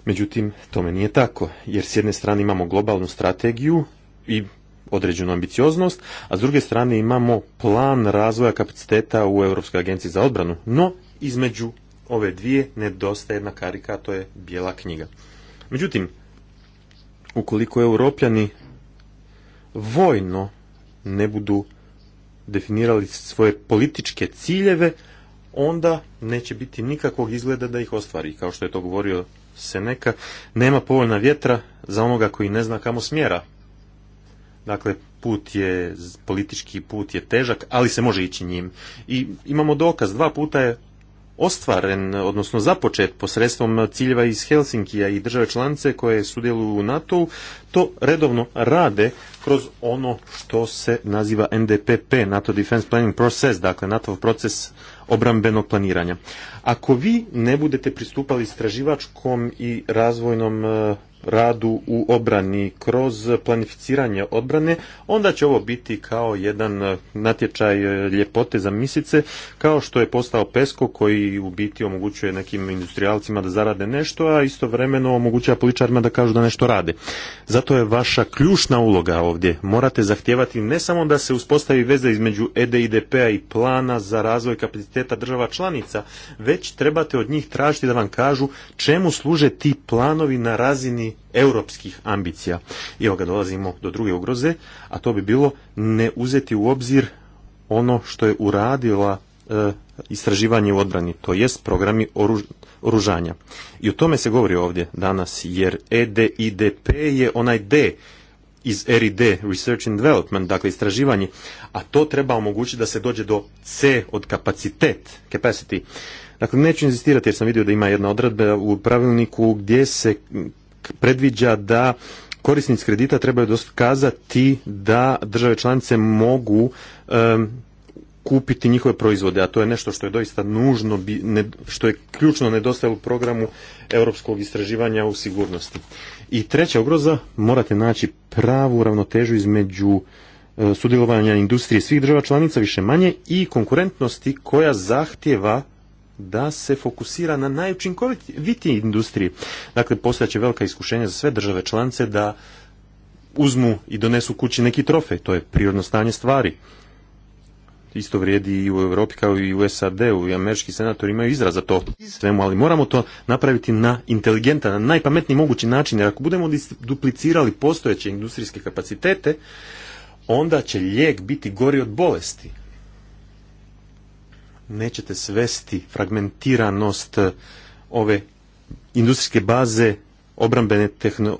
Međutim, tome nije tako, jer s jedne strane imamo globalnu strategiju i određenu ambicioznost, a s druge strane imamo plan razvoja kapaciteta u Europskoj agenciji za odbranu, no između ove dvije nedostaje jedna karika, a to je bijela knjiga. Međutim, ukoliko europljani vojno ne budu definirali svoje političke ciljeve, onda neće biti nikakvog izgleda da ih ostvari, kao što je to govorio se neka, nema povoljna vjetra za onoga koji ne zna kamo smjera. Dakle, put je, politički put je težak, ali se može ići njim. I imamo dokaz, dva puta je ostvaren, odnosno započet posredstvom ciljeva iz Helsinkija i države članice koje sudjeluju u NATO, u to redovno rade kroz ono što se naziva NDPP, NATO Defense Planning Process, dakle NATO proces obrambenog planiranja. Ako vi ne budete pristupali istraživačkom i razvojnom e, radu u obrani kroz planificiranje obrane, onda će ovo biti kao jedan e, natječaj e, ljepote za misice, kao što je postao PESCO koji u biti omogućuje nekim industrijalcima da zarade nešto, a istovremeno omogućava političarima da kažu da nešto rade. Zato je vaša ključna uloga ovdje. Morate zahtijevati ne samo da se uspostavi veza između EDIDP-a i plana za razvoj kapaciteta država članica, već trebate od njih tražiti da vam kažu čemu služe ti planovi na razini europskih ambicija. I evo dolazimo do druge ugroze, a to bi bilo ne uzeti u obzir ono što je uradila e, istraživanje u odbrani, to jest programi oružanja. I o tome se govori ovdje danas, jer EDIDP je onaj D iz RID, Research and Development, dakle istraživanje, a to treba omogućiti da se dođe do C od kapacitet, capacity. Dakle, neću inzistirati jer sam vidio da ima jedna odredba u pravilniku gdje se predviđa da korisnici kredita trebaju dokazati da države članice mogu kupiti njihove proizvode, a to je nešto što je doista nužno, što je ključno nedostaje u programu europskog istraživanja u sigurnosti. I treća ugroza, morate naći pravu ravnotežu između e, sudjelovanja industrije svih država članica više manje i konkurentnosti koja zahtjeva da se fokusira na najučinkovitije industrije. Dakle, postojaće velika iskušenja za sve države članice da uzmu i donesu kući neki trofej. To je prirodno stanje stvari. Isto vrijedi i u Europi kao i u SAD-u i američki senatori imaju izraz za to svemu, ali moramo to napraviti na inteligentan, na najpametniji mogući način, jer ako budemo duplicirali postojeće industrijske kapacitete, onda će lijek biti gori od bolesti nećete svesti fragmentiranost e, ove industrijske baze obrambene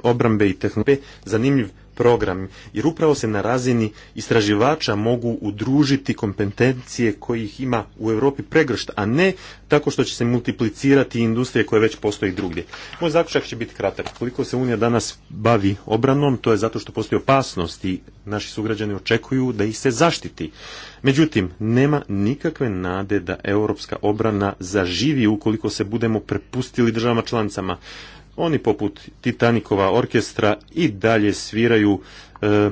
obrambe i tehnologije. Zanimljiv program Jer upravo se na razini istraživača mogu udružiti kompetencije kojih ima u Europi pregršt, a ne tako što će se multiplicirati industrije koje već postoji drugdje. Moj zaključak će biti kratak. Koliko se Unija danas bavi obranom, to je zato što postoji opasnost i naši sugrađani očekuju da ih se zaštiti. Međutim, nema nikakve nade da europska obrana zaživi ukoliko se budemo prepustili državama članicama. Oni poput Titanikova orkestra i dalje sviraju e,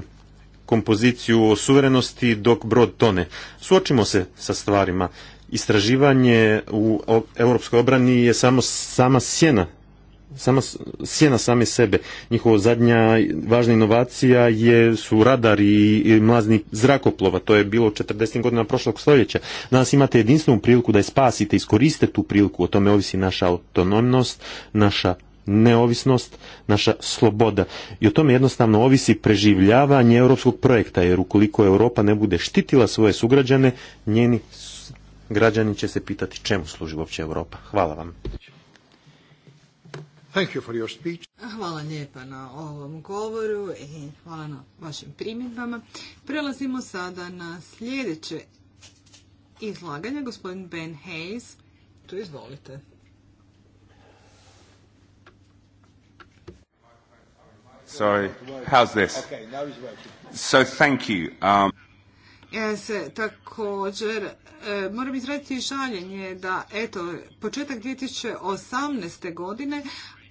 kompoziciju o suverenosti dok brod tone. Suočimo se sa stvarima. Istraživanje u europskoj obrani je samo sama sjena sama sjena same sebe. Njihova zadnja važna inovacija je, su radar i, mlazni zrakoplova. To je bilo 40. godina prošlog stoljeća. Danas imate jedinstvenu priliku da je spasite, iskoriste tu priliku. O tome ovisi naša autonomnost, naša neovisnost, naša sloboda. I o tome jednostavno ovisi preživljavanje europskog projekta, jer ukoliko Europa ne bude štitila svoje sugrađane, njeni građani će se pitati čemu služi uopće Europa. Hvala vam. Thank you for your speech. Hvala lijepa na ovom govoru i hvala na vašim primjedbama. Prelazimo sada na sljedeće izlaganje. Gospodin Ben Hayes, tu izvolite. Sorry. How's this? So thank you. Ja um, e, također e, moram izraziti žaljenje da eto početak 2018. godine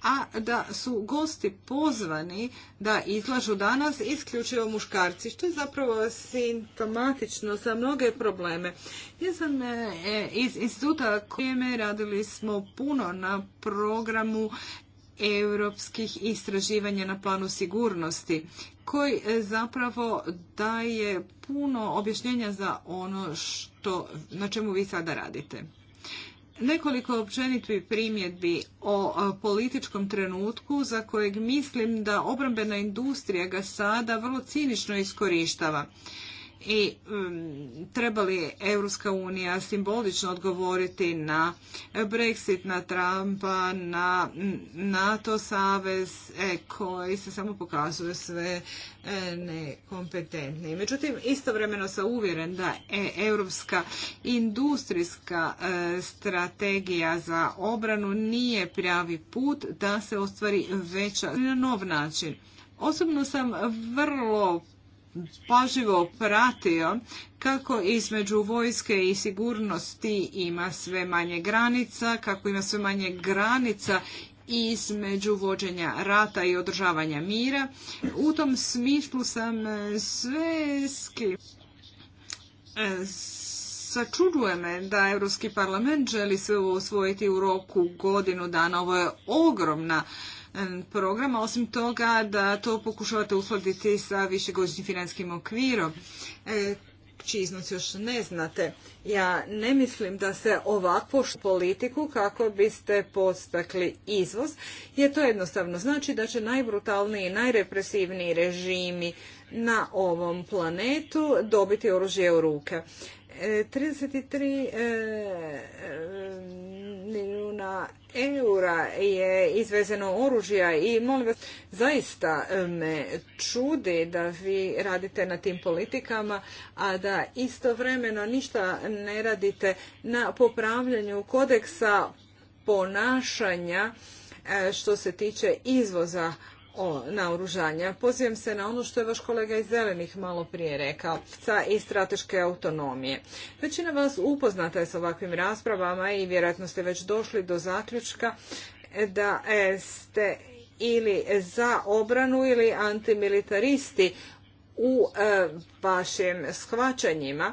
a da su gosti pozvani da izlažu danas isključivo muškarci, što je zapravo sintomatično za mnoge probleme. Ja sam e, iz instituta koje radili smo puno na programu europskih istraživanja na planu sigurnosti koji e, zapravo daje puno objašnjenja za ono što, na čemu vi sada radite. Nekoliko općenitih primjedbi o e, političkom trenutku za kojeg mislim da obrambena industrija ga sada vrlo cinično iskorištava i mm, treba li Europska unija simbolično odgovoriti na Brexit, na Trumpa, na mm, NATO savez e, koji se samo pokazuje sve e, nekompetentni. Međutim, istovremeno sam uvjeren da je europska industrijska e, strategija za obranu nije pravi put da se ostvari veća na nov način. Osobno sam vrlo pažljivo pratio kako između vojske i sigurnosti ima sve manje granica, kako ima sve manje granica između vođenja rata i održavanja mira. U tom smislu sam e, sve skip. E, me da Europski parlament želi sve ovo usvojiti u roku godinu dana. Ovo je ogromna programa. Osim toga da to pokušavate uskladiti sa višegodišnjim financijskim okvirom, e, čiji iznos još ne znate. Ja ne mislim da se ovakvu politiku kako biste postakli izvoz, jer to jednostavno znači da će najbrutalniji i najrepresivniji režimi na ovom planetu dobiti oružje u ruke. 33 e, e, milijuna eura je izvezeno oružja i molim vas, zaista me čudi da vi radite na tim politikama, a da istovremeno ništa ne radite na popravljanju kodeksa ponašanja e, što se tiče izvoza naoružanja. Pozivam se na ono što je vaš kolega iz Zelenih malo prije rekao, sa i strateške autonomije. Većina vas upoznata je s ovakvim raspravama i vjerojatno ste već došli do zaključka da e, ste ili za obranu ili antimilitaristi u e, vašim shvaćanjima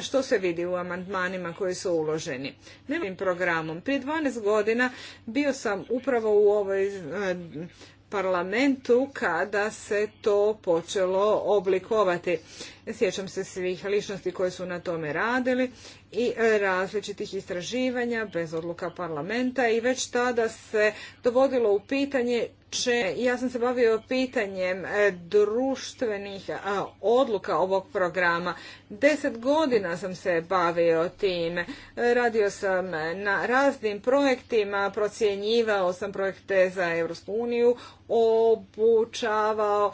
što se vidi u amandmanima koji su uloženi. Nemojim programom. Prije 12 godina bio sam upravo u ovoj e, parlamentu kada se to počelo oblikovati. Sjećam se svih ličnosti koje su na tome radili i različitih istraživanja bez odluka parlamenta i već tada se dovodilo u pitanje ja sam se bavio pitanjem e, društvenih odluka ovog programa. Deset godina sam se bavio tim. Radio sam na raznim projektima, procjenjivao sam projekte za Europsku uniju, obučavao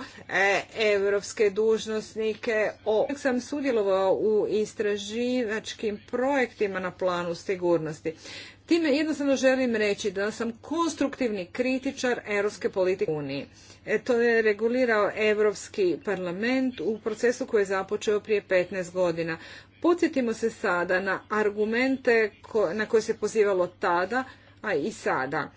europske dužnosnike. Uvijek sam sudjelovao u istraživačkim projektima na planu sigurnosti. Time jednostavno želim reći da sam konstruktivni kritičar europske politike Unije. To je regulirao Europski parlament u procesu koji je započeo prije 15 godina. Podsjetimo se sada na argumente na koje se pozivalo tada, a i sada.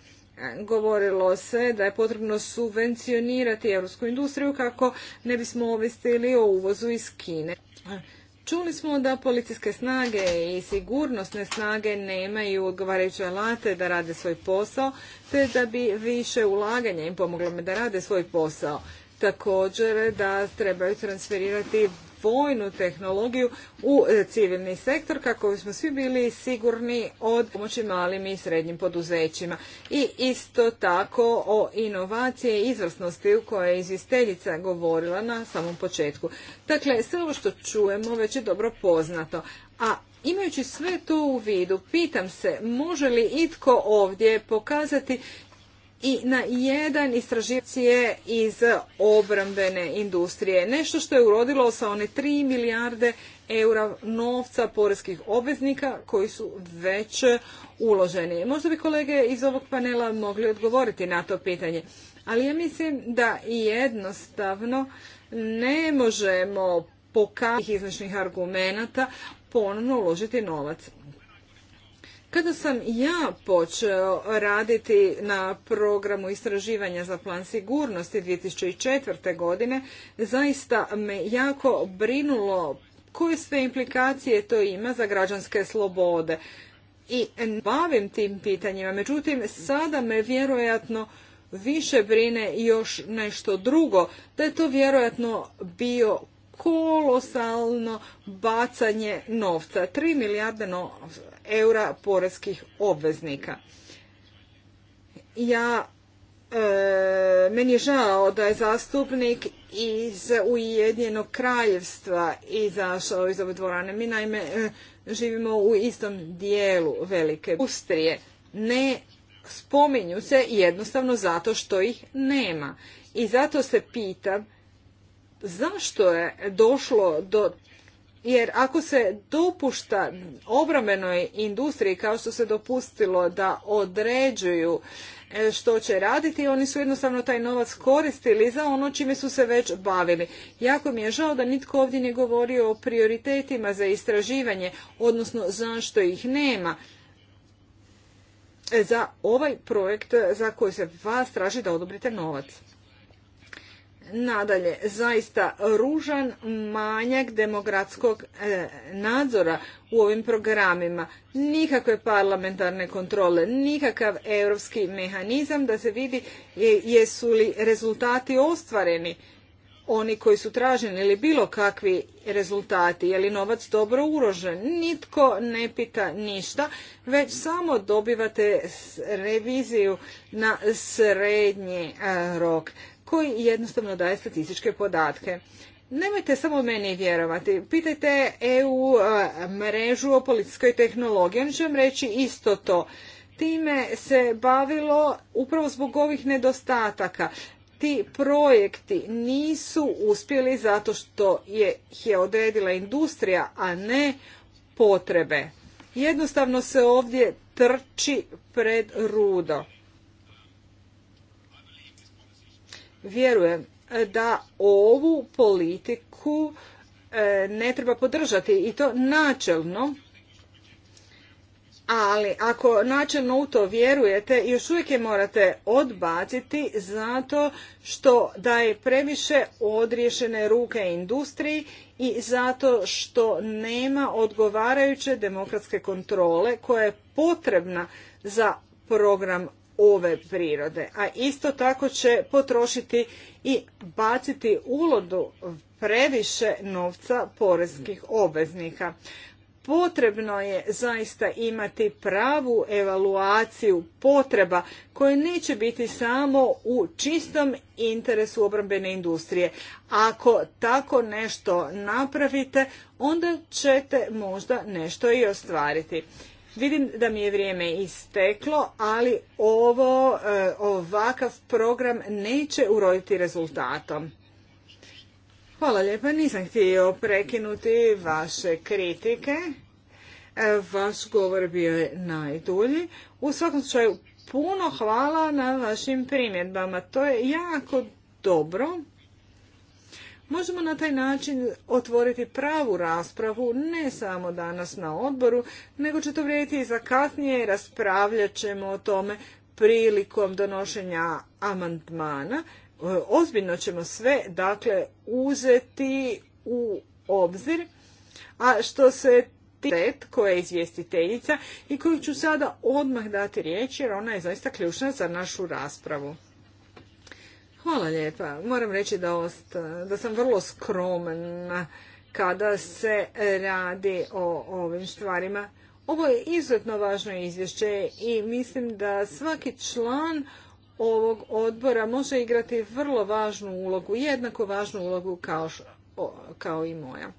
E, govorilo se da je potrebno subvencionirati europsku industriju kako ne bismo ovisili o uvozu iz Kine. Čuli smo da policijske snage i sigurnosne snage nemaju odgovarajuće alate da rade svoj posao, te da bi više ulaganja im pomoglo da rade svoj posao. Također da trebaju transferirati vojnu tehnologiju u e, civilni sektor kako bismo svi bili sigurni od pomoći malim i srednjim poduzećima. I isto tako o inovacije i izvrsnosti u kojoj je izvjestiteljica govorila na samom početku. Dakle, sve ovo što čujemo već je dobro poznato. A Imajući sve to u vidu, pitam se može li itko ovdje pokazati i na jedan istraživacije iz obrambene industrije. Nešto što je urodilo sa one 3 milijarde eura novca poreskih obveznika koji su već uloženi. Možda bi kolege iz ovog panela mogli odgovoriti na to pitanje. Ali ja mislim da jednostavno ne možemo pokazati izvršnih argumenata ponovno uložiti novac. Kada sam ja počeo raditi na programu istraživanja za plan sigurnosti 2004. godine, zaista me jako brinulo koje sve implikacije to ima za građanske slobode. I bavim tim pitanjima, međutim sada me vjerojatno više brine još nešto drugo, da je to vjerojatno bio kolosalno bacanje novca, 3 milijarde eura poreskih obveznika. Ja e, meni je žao da je zastupnik iz Ujedinjenog kraljevstva izašao iz ove dvorane. Mi naime e, živimo u istom dijelu velike Ustrije. Ne spominju se jednostavno zato što ih nema. I zato se pitam zašto je došlo do jer ako se dopušta obrambenoj industriji kao što se dopustilo da određuju e, što će raditi, oni su jednostavno taj novac koristili za ono čime su se već bavili. Jako mi je žao da nitko ovdje ne govorio o prioritetima za istraživanje, odnosno zašto ih nema. E, za ovaj projekt za koji se vas traži da odobrite novac. Nadalje, zaista ružan manjak demokratskog e, nadzora u ovim programima. Nikakve parlamentarne kontrole, nikakav europski mehanizam da se vidi e, jesu li rezultati ostvareni oni koji su traženi ili bilo kakvi rezultati, je li novac dobro urožen, nitko ne pita ništa, već samo dobivate reviziju na srednji e, rok koji jednostavno daje statističke podatke. Nemojte samo meni vjerovati. Pitajte EU e, mrežu o policijskoj tehnologiji. Oni će vam reći isto to. Time se bavilo upravo zbog ovih nedostataka. Ti projekti nisu uspjeli zato što je, je odredila industrija, a ne potrebe. Jednostavno se ovdje trči pred rudo. Vjerujem da ovu politiku e, ne treba podržati i to načelno ali ako načelno u to vjerujete još uvijek je morate odbaciti zato što daje previše odriješene ruke industriji i zato što nema odgovarajuće demokratske kontrole koja je potrebna za program ove prirode. A isto tako će potrošiti i baciti ulodu previše novca poreznih obveznika. Potrebno je zaista imati pravu evaluaciju potreba koje neće biti samo u čistom interesu obrambene industrije. Ako tako nešto napravite, onda ćete možda nešto i ostvariti. Vidim da mi je vrijeme isteklo, ali ovo, e, ovakav program neće uroditi rezultatom. Hvala lijepa, nisam htio prekinuti vaše kritike. E, vaš govor bio je najdulji. U svakom slučaju, puno hvala na vašim primjedbama. To je jako dobro. Možemo na taj način otvoriti pravu raspravu, ne samo danas na odboru, nego će to vrijediti i za kasnije i raspravljat ćemo o tome prilikom donošenja amandmana. E, ozbiljno ćemo sve dakle uzeti u obzir. A što se Tet, koja je izvjestiteljica i koju ću sada odmah dati riječ jer ona je zaista ključna za našu raspravu. Hvala lijepa. Moram reći da, da sam vrlo skroman kada se radi o ovim stvarima. Ovo je izuzetno važno izvješće i mislim da svaki član ovog odbora može igrati vrlo važnu ulogu, jednako važnu ulogu kao, i moja.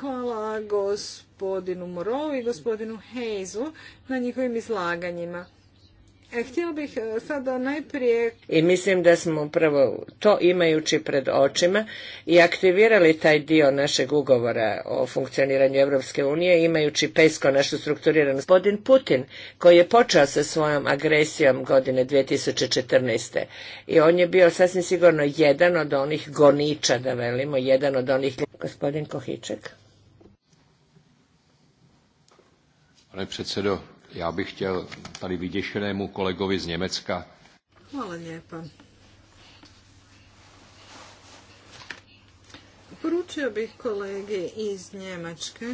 Hvala gospodinu Morovi i gospodinu Hejzu na njihovim izlaganjima. E, Htio bih e, sada najprije... I mislim da smo upravo to imajući pred očima i aktivirali taj dio našeg ugovora o funkcioniranju Europske unije, imajući pesko našu strukturiranost. Gospodin Putin, koji je počeo sa svojom agresijom godine 2014. I on je bio sasvim sigurno jedan od onih goniča, da velimo, jedan od onih... Gospodin Kohiček. Pane predsedo, ja bych chtěl tady vyděšenému kolegovi z Německa. Hvala lijepa. Poručio bih kolegi iz Njemačke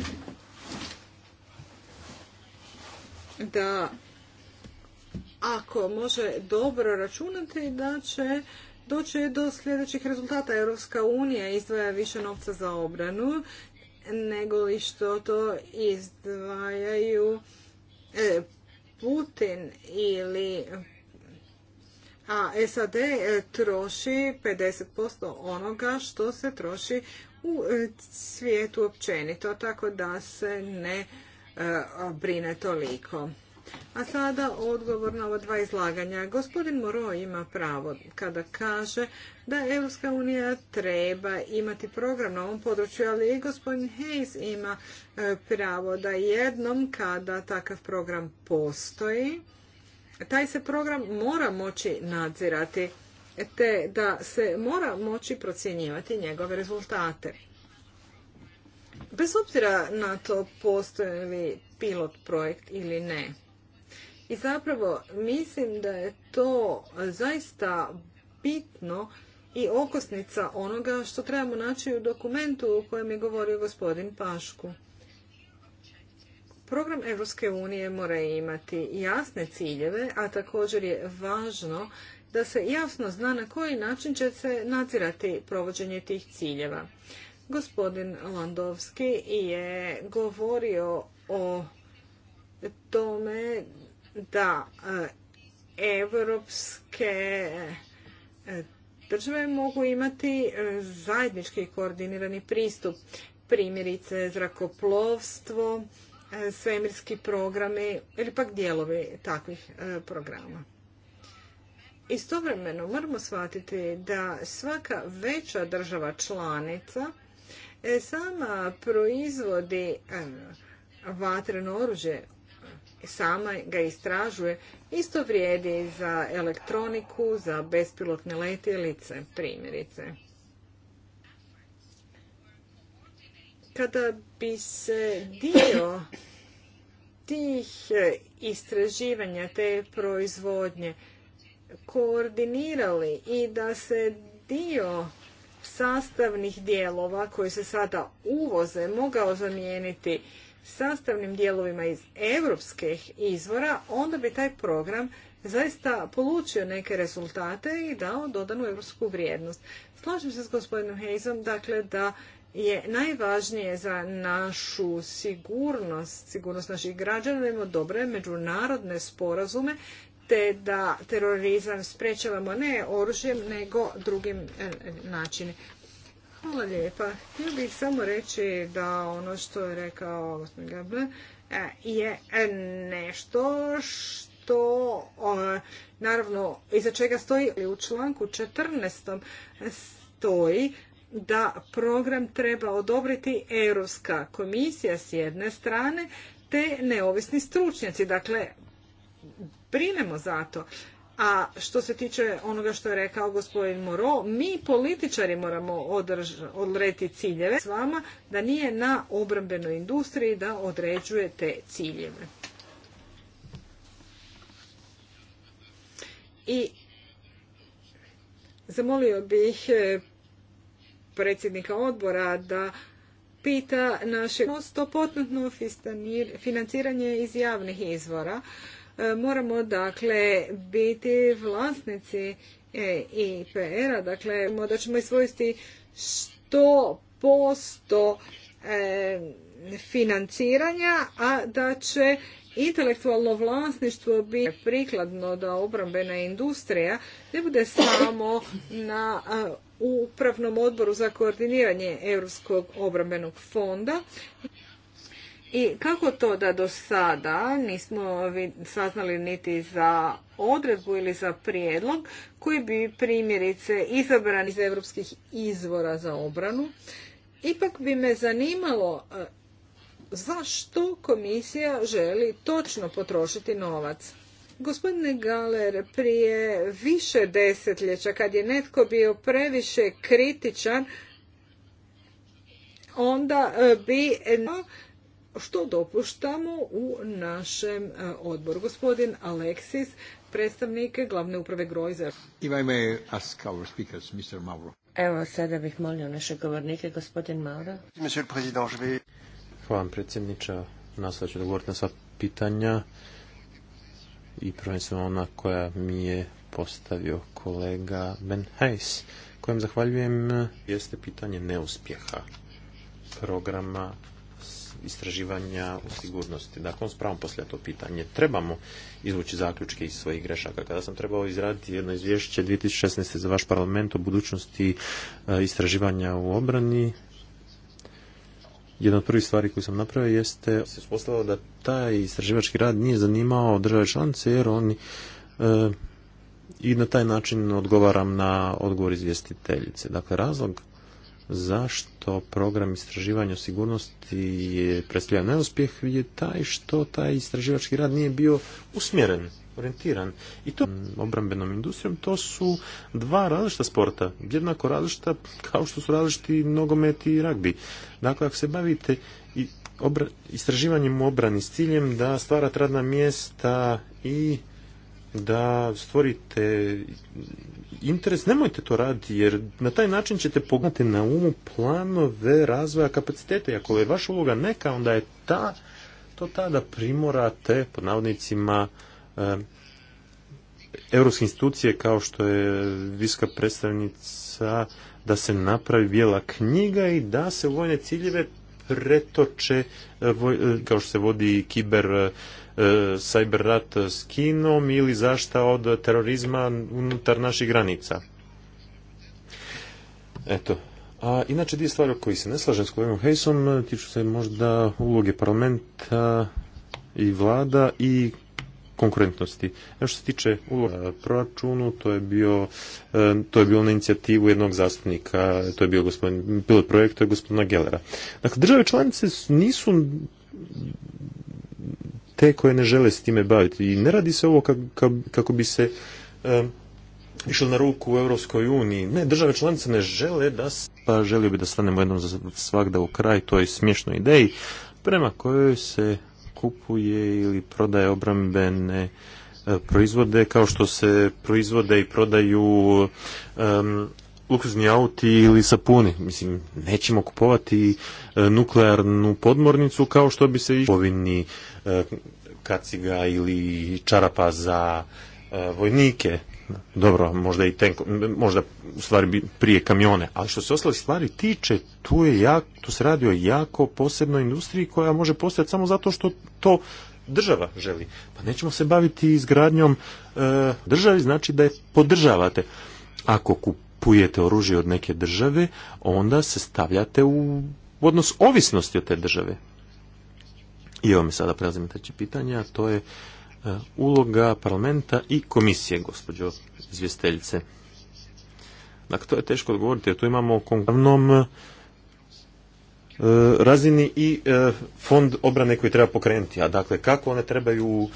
da ako može dobro računati da će doći do sljedećih rezultata. Europska unija izdvaja više novca za obranu nego li što to izdvajaju E, Putin ili a SAD e, troši 50% onoga što se troši u e, svijetu općenito, tako da se ne brine toliko. A sada odgovor na ova dva izlaganja. Gospodin Moro ima pravo kada kaže da Europska unija treba imati program na ovom području, ali i gospodin Hayes ima e, pravo da jednom kada takav program postoji, taj se program mora moći nadzirati te da se mora moći procjenjivati njegove rezultate. Bez obzira na to postoji li pilot projekt ili ne. I zapravo mislim da je to zaista bitno i okosnica onoga što trebamo naći u dokumentu o kojem je govorio gospodin Pašku. Program Europske unije mora imati jasne ciljeve, a također je važno da se jasno zna na koji način će se nadzirati provođenje tih ciljeva. Gospodin Landovski je govorio o tome da e, evropske e, države mogu imati e, zajednički koordinirani pristup, primjerice zrakoplovstvo, svemirski programi ili pak dijelovi takvih programa. Istovremeno moramo shvatiti da svaka veća država članica sama proizvodi vatreno oružje sama ga istražuje, isto vrijedi za elektroniku, za bespilotne letjelice, primjerice. Kada bi se dio tih e, istraživanja, te proizvodnje koordinirali i da se dio sastavnih dijelova koji se sada uvoze mogao zamijeniti sastavnim dijelovima iz europskih izvora, onda bi taj program zaista polučio neke rezultate i dao dodanu europsku vrijednost. Slažem se s gospodinom Hejzom, dakle da je najvažnije za našu sigurnost, sigurnost naših građana, da imamo dobre međunarodne sporazume, te da terorizam sprečavamo ne oružjem, nego drugim e, načinima. Hvala lijepa. Htio bih samo reći da ono što je rekao gospodin Gable je nešto što naravno iza čega stoji u članku 14. stoji da program treba odobriti Europska komisija s jedne strane te neovisni stručnjaci. Dakle, brinemo za to. A što se tiče onoga što je rekao gospodin Moro, mi političari moramo odrediti ciljeve s vama da nije na obrambenoj industriji da određuje te ciljeve. I zamolio bih e, predsjednika odbora da pita naše stopotno financiranje iz javnih izvora Moramo dakle biti vlasnici e, IPR-a, dakle da ćemo isvojiti posto e, financiranja, a da će intelektualno vlasništvo biti prikladno da obrambena industrija ne bude samo na upravnom odboru za koordiniranje Europskog obrambenog fonda, i kako to da do sada nismo saznali niti za odredbu ili za prijedlog koji bi primjerice izabran iz europskih izvora za obranu, ipak bi me zanimalo e, zašto komisija želi točno potrošiti novac. Gospodine Galer, prije više desetljeća kad je netko bio previše kritičan, onda e, bi što dopuštamo u našem e, odboru. Gospodin Aleksis, predstavnik glavne uprave Grojza. Evo, sada bih molio naše govornike, gospodin Mauro. Hvala vam, predsjedniča. Nastavit ću dogovoriti na sva pitanja i prvenstveno ona koja mi je postavio kolega Ben Hayes, kojem zahvaljujem jeste pitanje neuspjeha programa istraživanja u sigurnosti. Dakle, on spravom poslije to pitanje. Trebamo izvući zaključke iz svojih grešaka. Kada sam trebao izraditi jedno izvješće 2016. za vaš parlament o budućnosti e, istraživanja u obrani, jedna od prvih stvari koju sam napravio jeste se uspostavilo da taj istraživački rad nije zanimao države članice jer oni e, i na taj način odgovaram na odgovor izvjestiteljice. Dakle, razlog zašto program istraživanja o sigurnosti je predstavljan neuspjeh je taj što taj istraživački rad nije bio usmjeren orijentiran. I to obrambenom industrijom, to su dva različita sporta, jednako različita kao što su različiti nogomet i ragbi. Dakle, ako se bavite i istraživanjem u obrani s ciljem da stvarate radna mjesta i da stvorite interes, nemojte to raditi jer na taj način ćete pognati na umu planove razvoja kapaciteta. ako je vaša uloga neka, onda je ta, to ta da primorate, pod navodnicima, europske eh, institucije kao što je viska predstavnica da se napravi bijela knjiga i da se vojne ciljeve pretoče eh, eh, kao što se vodi kiber E, cyber rat s Kinom ili zašta od terorizma unutar naših granica. Eto. A inače dvije stvari o koji se ne slažem s kolegom Hejsom e, tiču se možda uloge parlamenta i vlada i konkurentnosti. A e, što se tiče uloga proračunu, to je bio to je bilo na inicijativu jednog zastupnika, to je bio gospodin pilot projekt, to je gospodina Gelera. Dakle, države članice nisu te koje ne žele s time baviti. I ne radi se ovo kako bi se išlo na ruku u Europskoj uniji. Ne, države članice ne žele da... Pa želio bi da stanemo jednom za svakda u kraj toj smješnoj ideji prema kojoj se kupuje ili prodaje obrambene e, proizvode kao što se proizvode i prodaju luksuzni auti ili sapuni. Mislim, nećemo kupovati e, nuklearnu podmornicu kao što bi se povinni e, kaciga ili čarapa za e, vojnike. Dobro, možda i tenko, možda u stvari prije kamione, ali što se ostalih stvari tiče, tu, je jak, tu se radi o jako posebnoj industriji koja može postojati samo zato što to država želi. Pa nećemo se baviti izgradnjom državi, znači da je podržavate. Ako kup pujete oružje od neke države, onda se stavljate u odnos ovisnosti od te države. I evo mi sada prelazimo treće pitanje, a to je e, uloga parlamenta i komisije, gospođo izvjesteljice. Dakle, to je teško odgovoriti, jer tu imamo konkurnom e, razini i e, fond obrane koji treba pokrenuti. A dakle, kako one trebaju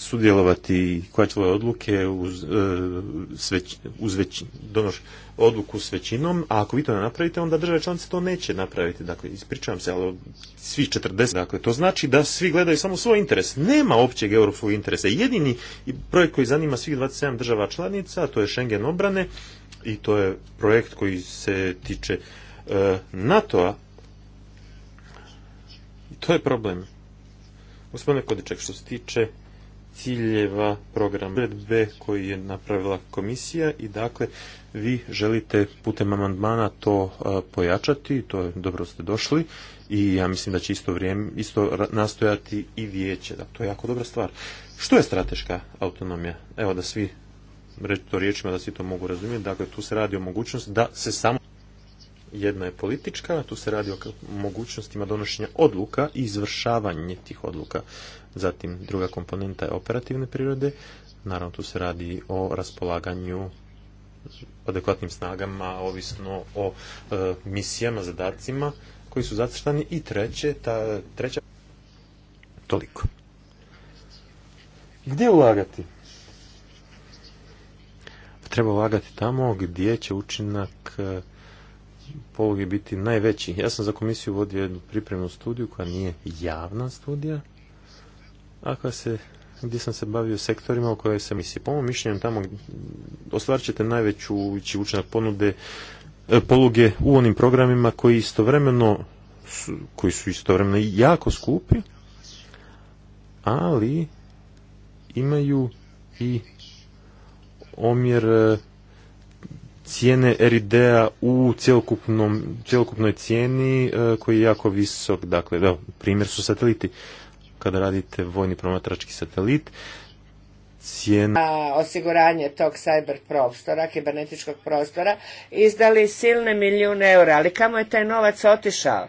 sudjelovati i koje tvoje odluke uz, e, uz već, donoš odluku s većinom, a ako vi to ne napravite, onda države članice to neće napraviti. Dakle, ispričavam se, ali svih 40, dakle, to znači da svi gledaju samo svoj interes. Nema općeg europskog interesa. Jedini projekt koji zanima svih 27 država članica, to je Schengen obrane i to je projekt koji se tiče e, NATO-a. I to je problem. Gospodine Kodiček, što se tiče ciljeva programa uredbe koji je napravila komisija i dakle vi želite putem amandmana to e, pojačati, to je dobro ste došli i ja mislim da će isto vrijeme isto nastojati i vijeće, da to je jako dobra stvar. Što je strateška autonomija? Evo da svi reći to riječima da svi to mogu razumjeti, dakle tu se radi o mogućnosti da se samo jedna je politička, tu se radi o mogućnostima donošenja odluka i izvršavanje tih odluka. Zatim druga komponenta je operativne prirode. Naravno tu se radi o raspolaganju adekvatnim snagama, ovisno o e, misijama, zadacima koji su zacrtani. I treće, ta treća... Toliko. Gdje ulagati? Treba ulagati tamo gdje će učinak e, pologe biti najveći. Ja sam za komisiju vodio jednu pripremnu studiju koja nije javna studija, ako se gdje sam se bavio sektorima o kojoj sam misli. Po mom mišljenju tamo ostvarit ćete najveću učinak ponude e, poluge u onim programima koji istovremeno koji su istovremeno jako skupi, ali imaju i omjer e, cijene RID-a u cjelokupnoj cijeni e, koji je jako visok. Dakle, da, primjer su sateliti kada radite vojni promatrački satelit, cijena... osiguranje tog cyber prostora, kibernetičkog prostora, izdali silne milijune eura, ali kamo je taj novac otišao?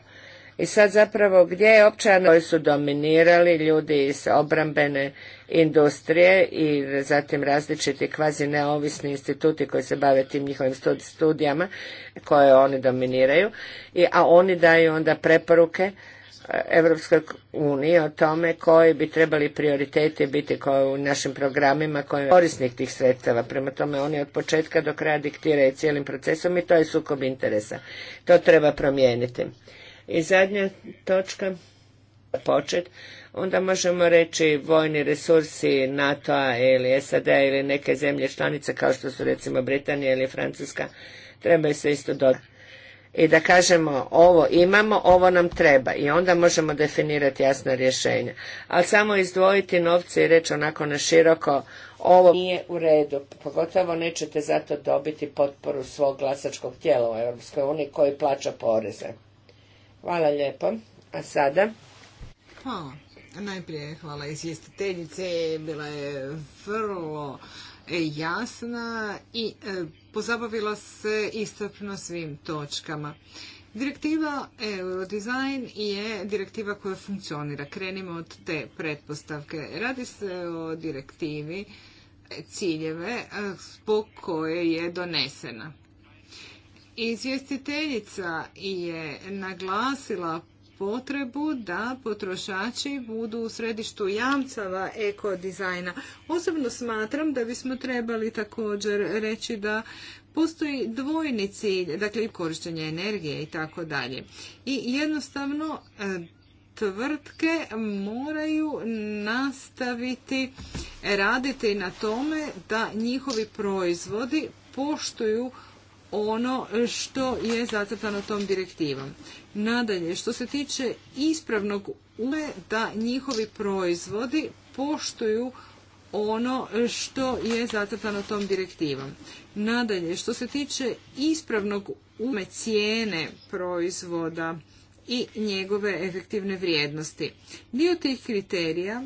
I sad zapravo gdje je općan koji su dominirali ljudi iz obrambene industrije i zatim različiti kvazi neovisni instituti koji se bave tim njihovim studijama koje oni dominiraju, I, a oni daju onda preporuke Evropske uniji o tome koji bi trebali prioriteti biti koji u našim programima koje je korisnik tih sredstava. Prema tome oni od početka do kraja diktiraju cijelim procesom i to je sukob interesa. To treba promijeniti. I zadnja točka, počet, onda možemo reći vojni resursi NATO-a ili SAD-a ili neke zemlje članice kao što su recimo Britanija ili Francuska trebaju se isto dodati i da kažemo ovo imamo, ovo nam treba i onda možemo definirati jasna rješenja. Ali samo izdvojiti novce i reći onako na široko ovo nije u redu, pogotovo nećete zato dobiti potporu svog glasačkog tijela u Europskoj uniji koji plaća poreze. Hvala lijepo. A sada? Hvala. Najprije hvala izvjestiteljice, bila je vrlo jasna i e, pozabavila se istopno svim točkama. Direktiva Eurodesign je direktiva koja funkcionira. Krenimo od te pretpostavke. Radi se o direktivi e, ciljeve e, zbog koje je donesena. Izvjestiteljica je naglasila potrebu da potrošači budu u središtu jamcava ekodizajna. Osobno smatram da bismo trebali također reći da postoji dvojni cilj, dakle i korištenje energije i tako dalje. I jednostavno e, tvrtke moraju nastaviti raditi na tome da njihovi proizvodi poštuju ono što je zacrtano tom direktivom. Nadalje, što se tiče ispravnog ume da njihovi proizvodi poštuju ono što je zacrtano tom direktivom. Nadalje, što se tiče ispravnog ume cijene proizvoda i njegove efektivne vrijednosti. Dio tih kriterija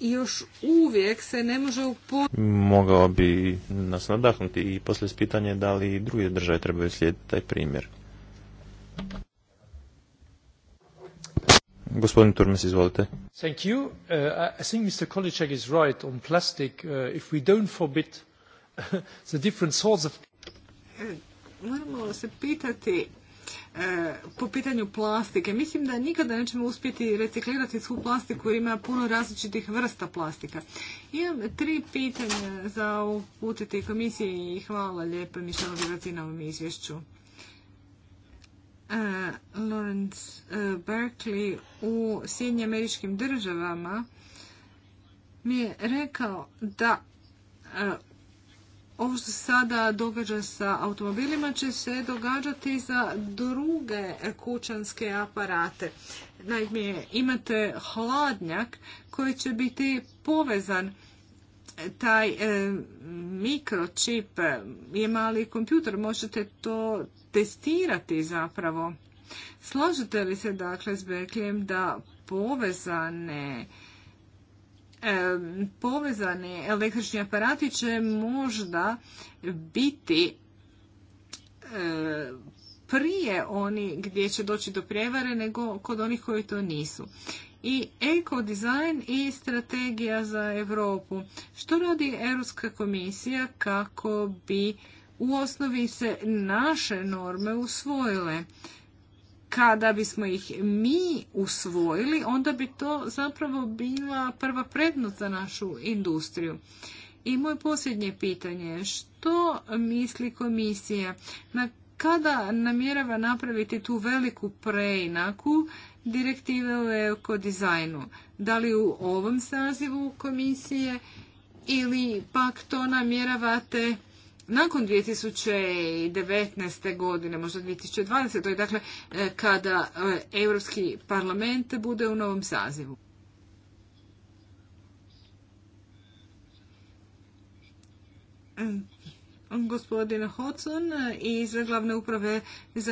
i još uvijek se ne može Mogao bi nas nadahnuti i poslije spitanje da li druge države trebaju slijediti taj primjer. Gospodin Turmes, izvolite. Thank you. Uh, I think Mr. Kolicek is right on plastic. Uh, if we don't forbid the different sorts of... E, moramo se pitati po pitanju plastike. Mislim da nikada nećemo uspjeti reciklirati svu plastiku jer ima puno različitih vrsta plastika. Imam tri pitanja za uputiti komisiji i hvala lijepa Mišano Virati na ovom izvješću. E, Lawrence e, Berkeley u Sjedinjim američkim državama mi je rekao da e, ovo što se sada događa sa automobilima će se događati za druge kućanske aparate. Naime, imate hladnjak koji će biti povezan taj e, mikročip e, je mali kompjuter, možete to testirati zapravo. Slažete li se dakle s da povezane povezani električni aparati će možda biti prije oni gdje će doći do prijevare nego kod onih koji to nisu. I design i strategija za Europu. Što radi Europska komisija kako bi u osnovi se naše norme usvojile? kada bismo ih mi usvojili, onda bi to zapravo bila prva prednost za našu industriju. I moje posljednje pitanje je što misli komisija na kada namjerava napraviti tu veliku preinaku direktive o dizajnu? Da li u ovom sazivu komisije ili pak to namjeravate nakon 2019. godine, možda 2020. dakle e, kada e, Europski parlament bude u novom sazivu. Mm. Gospodin Hodson e, iz glavne uprave za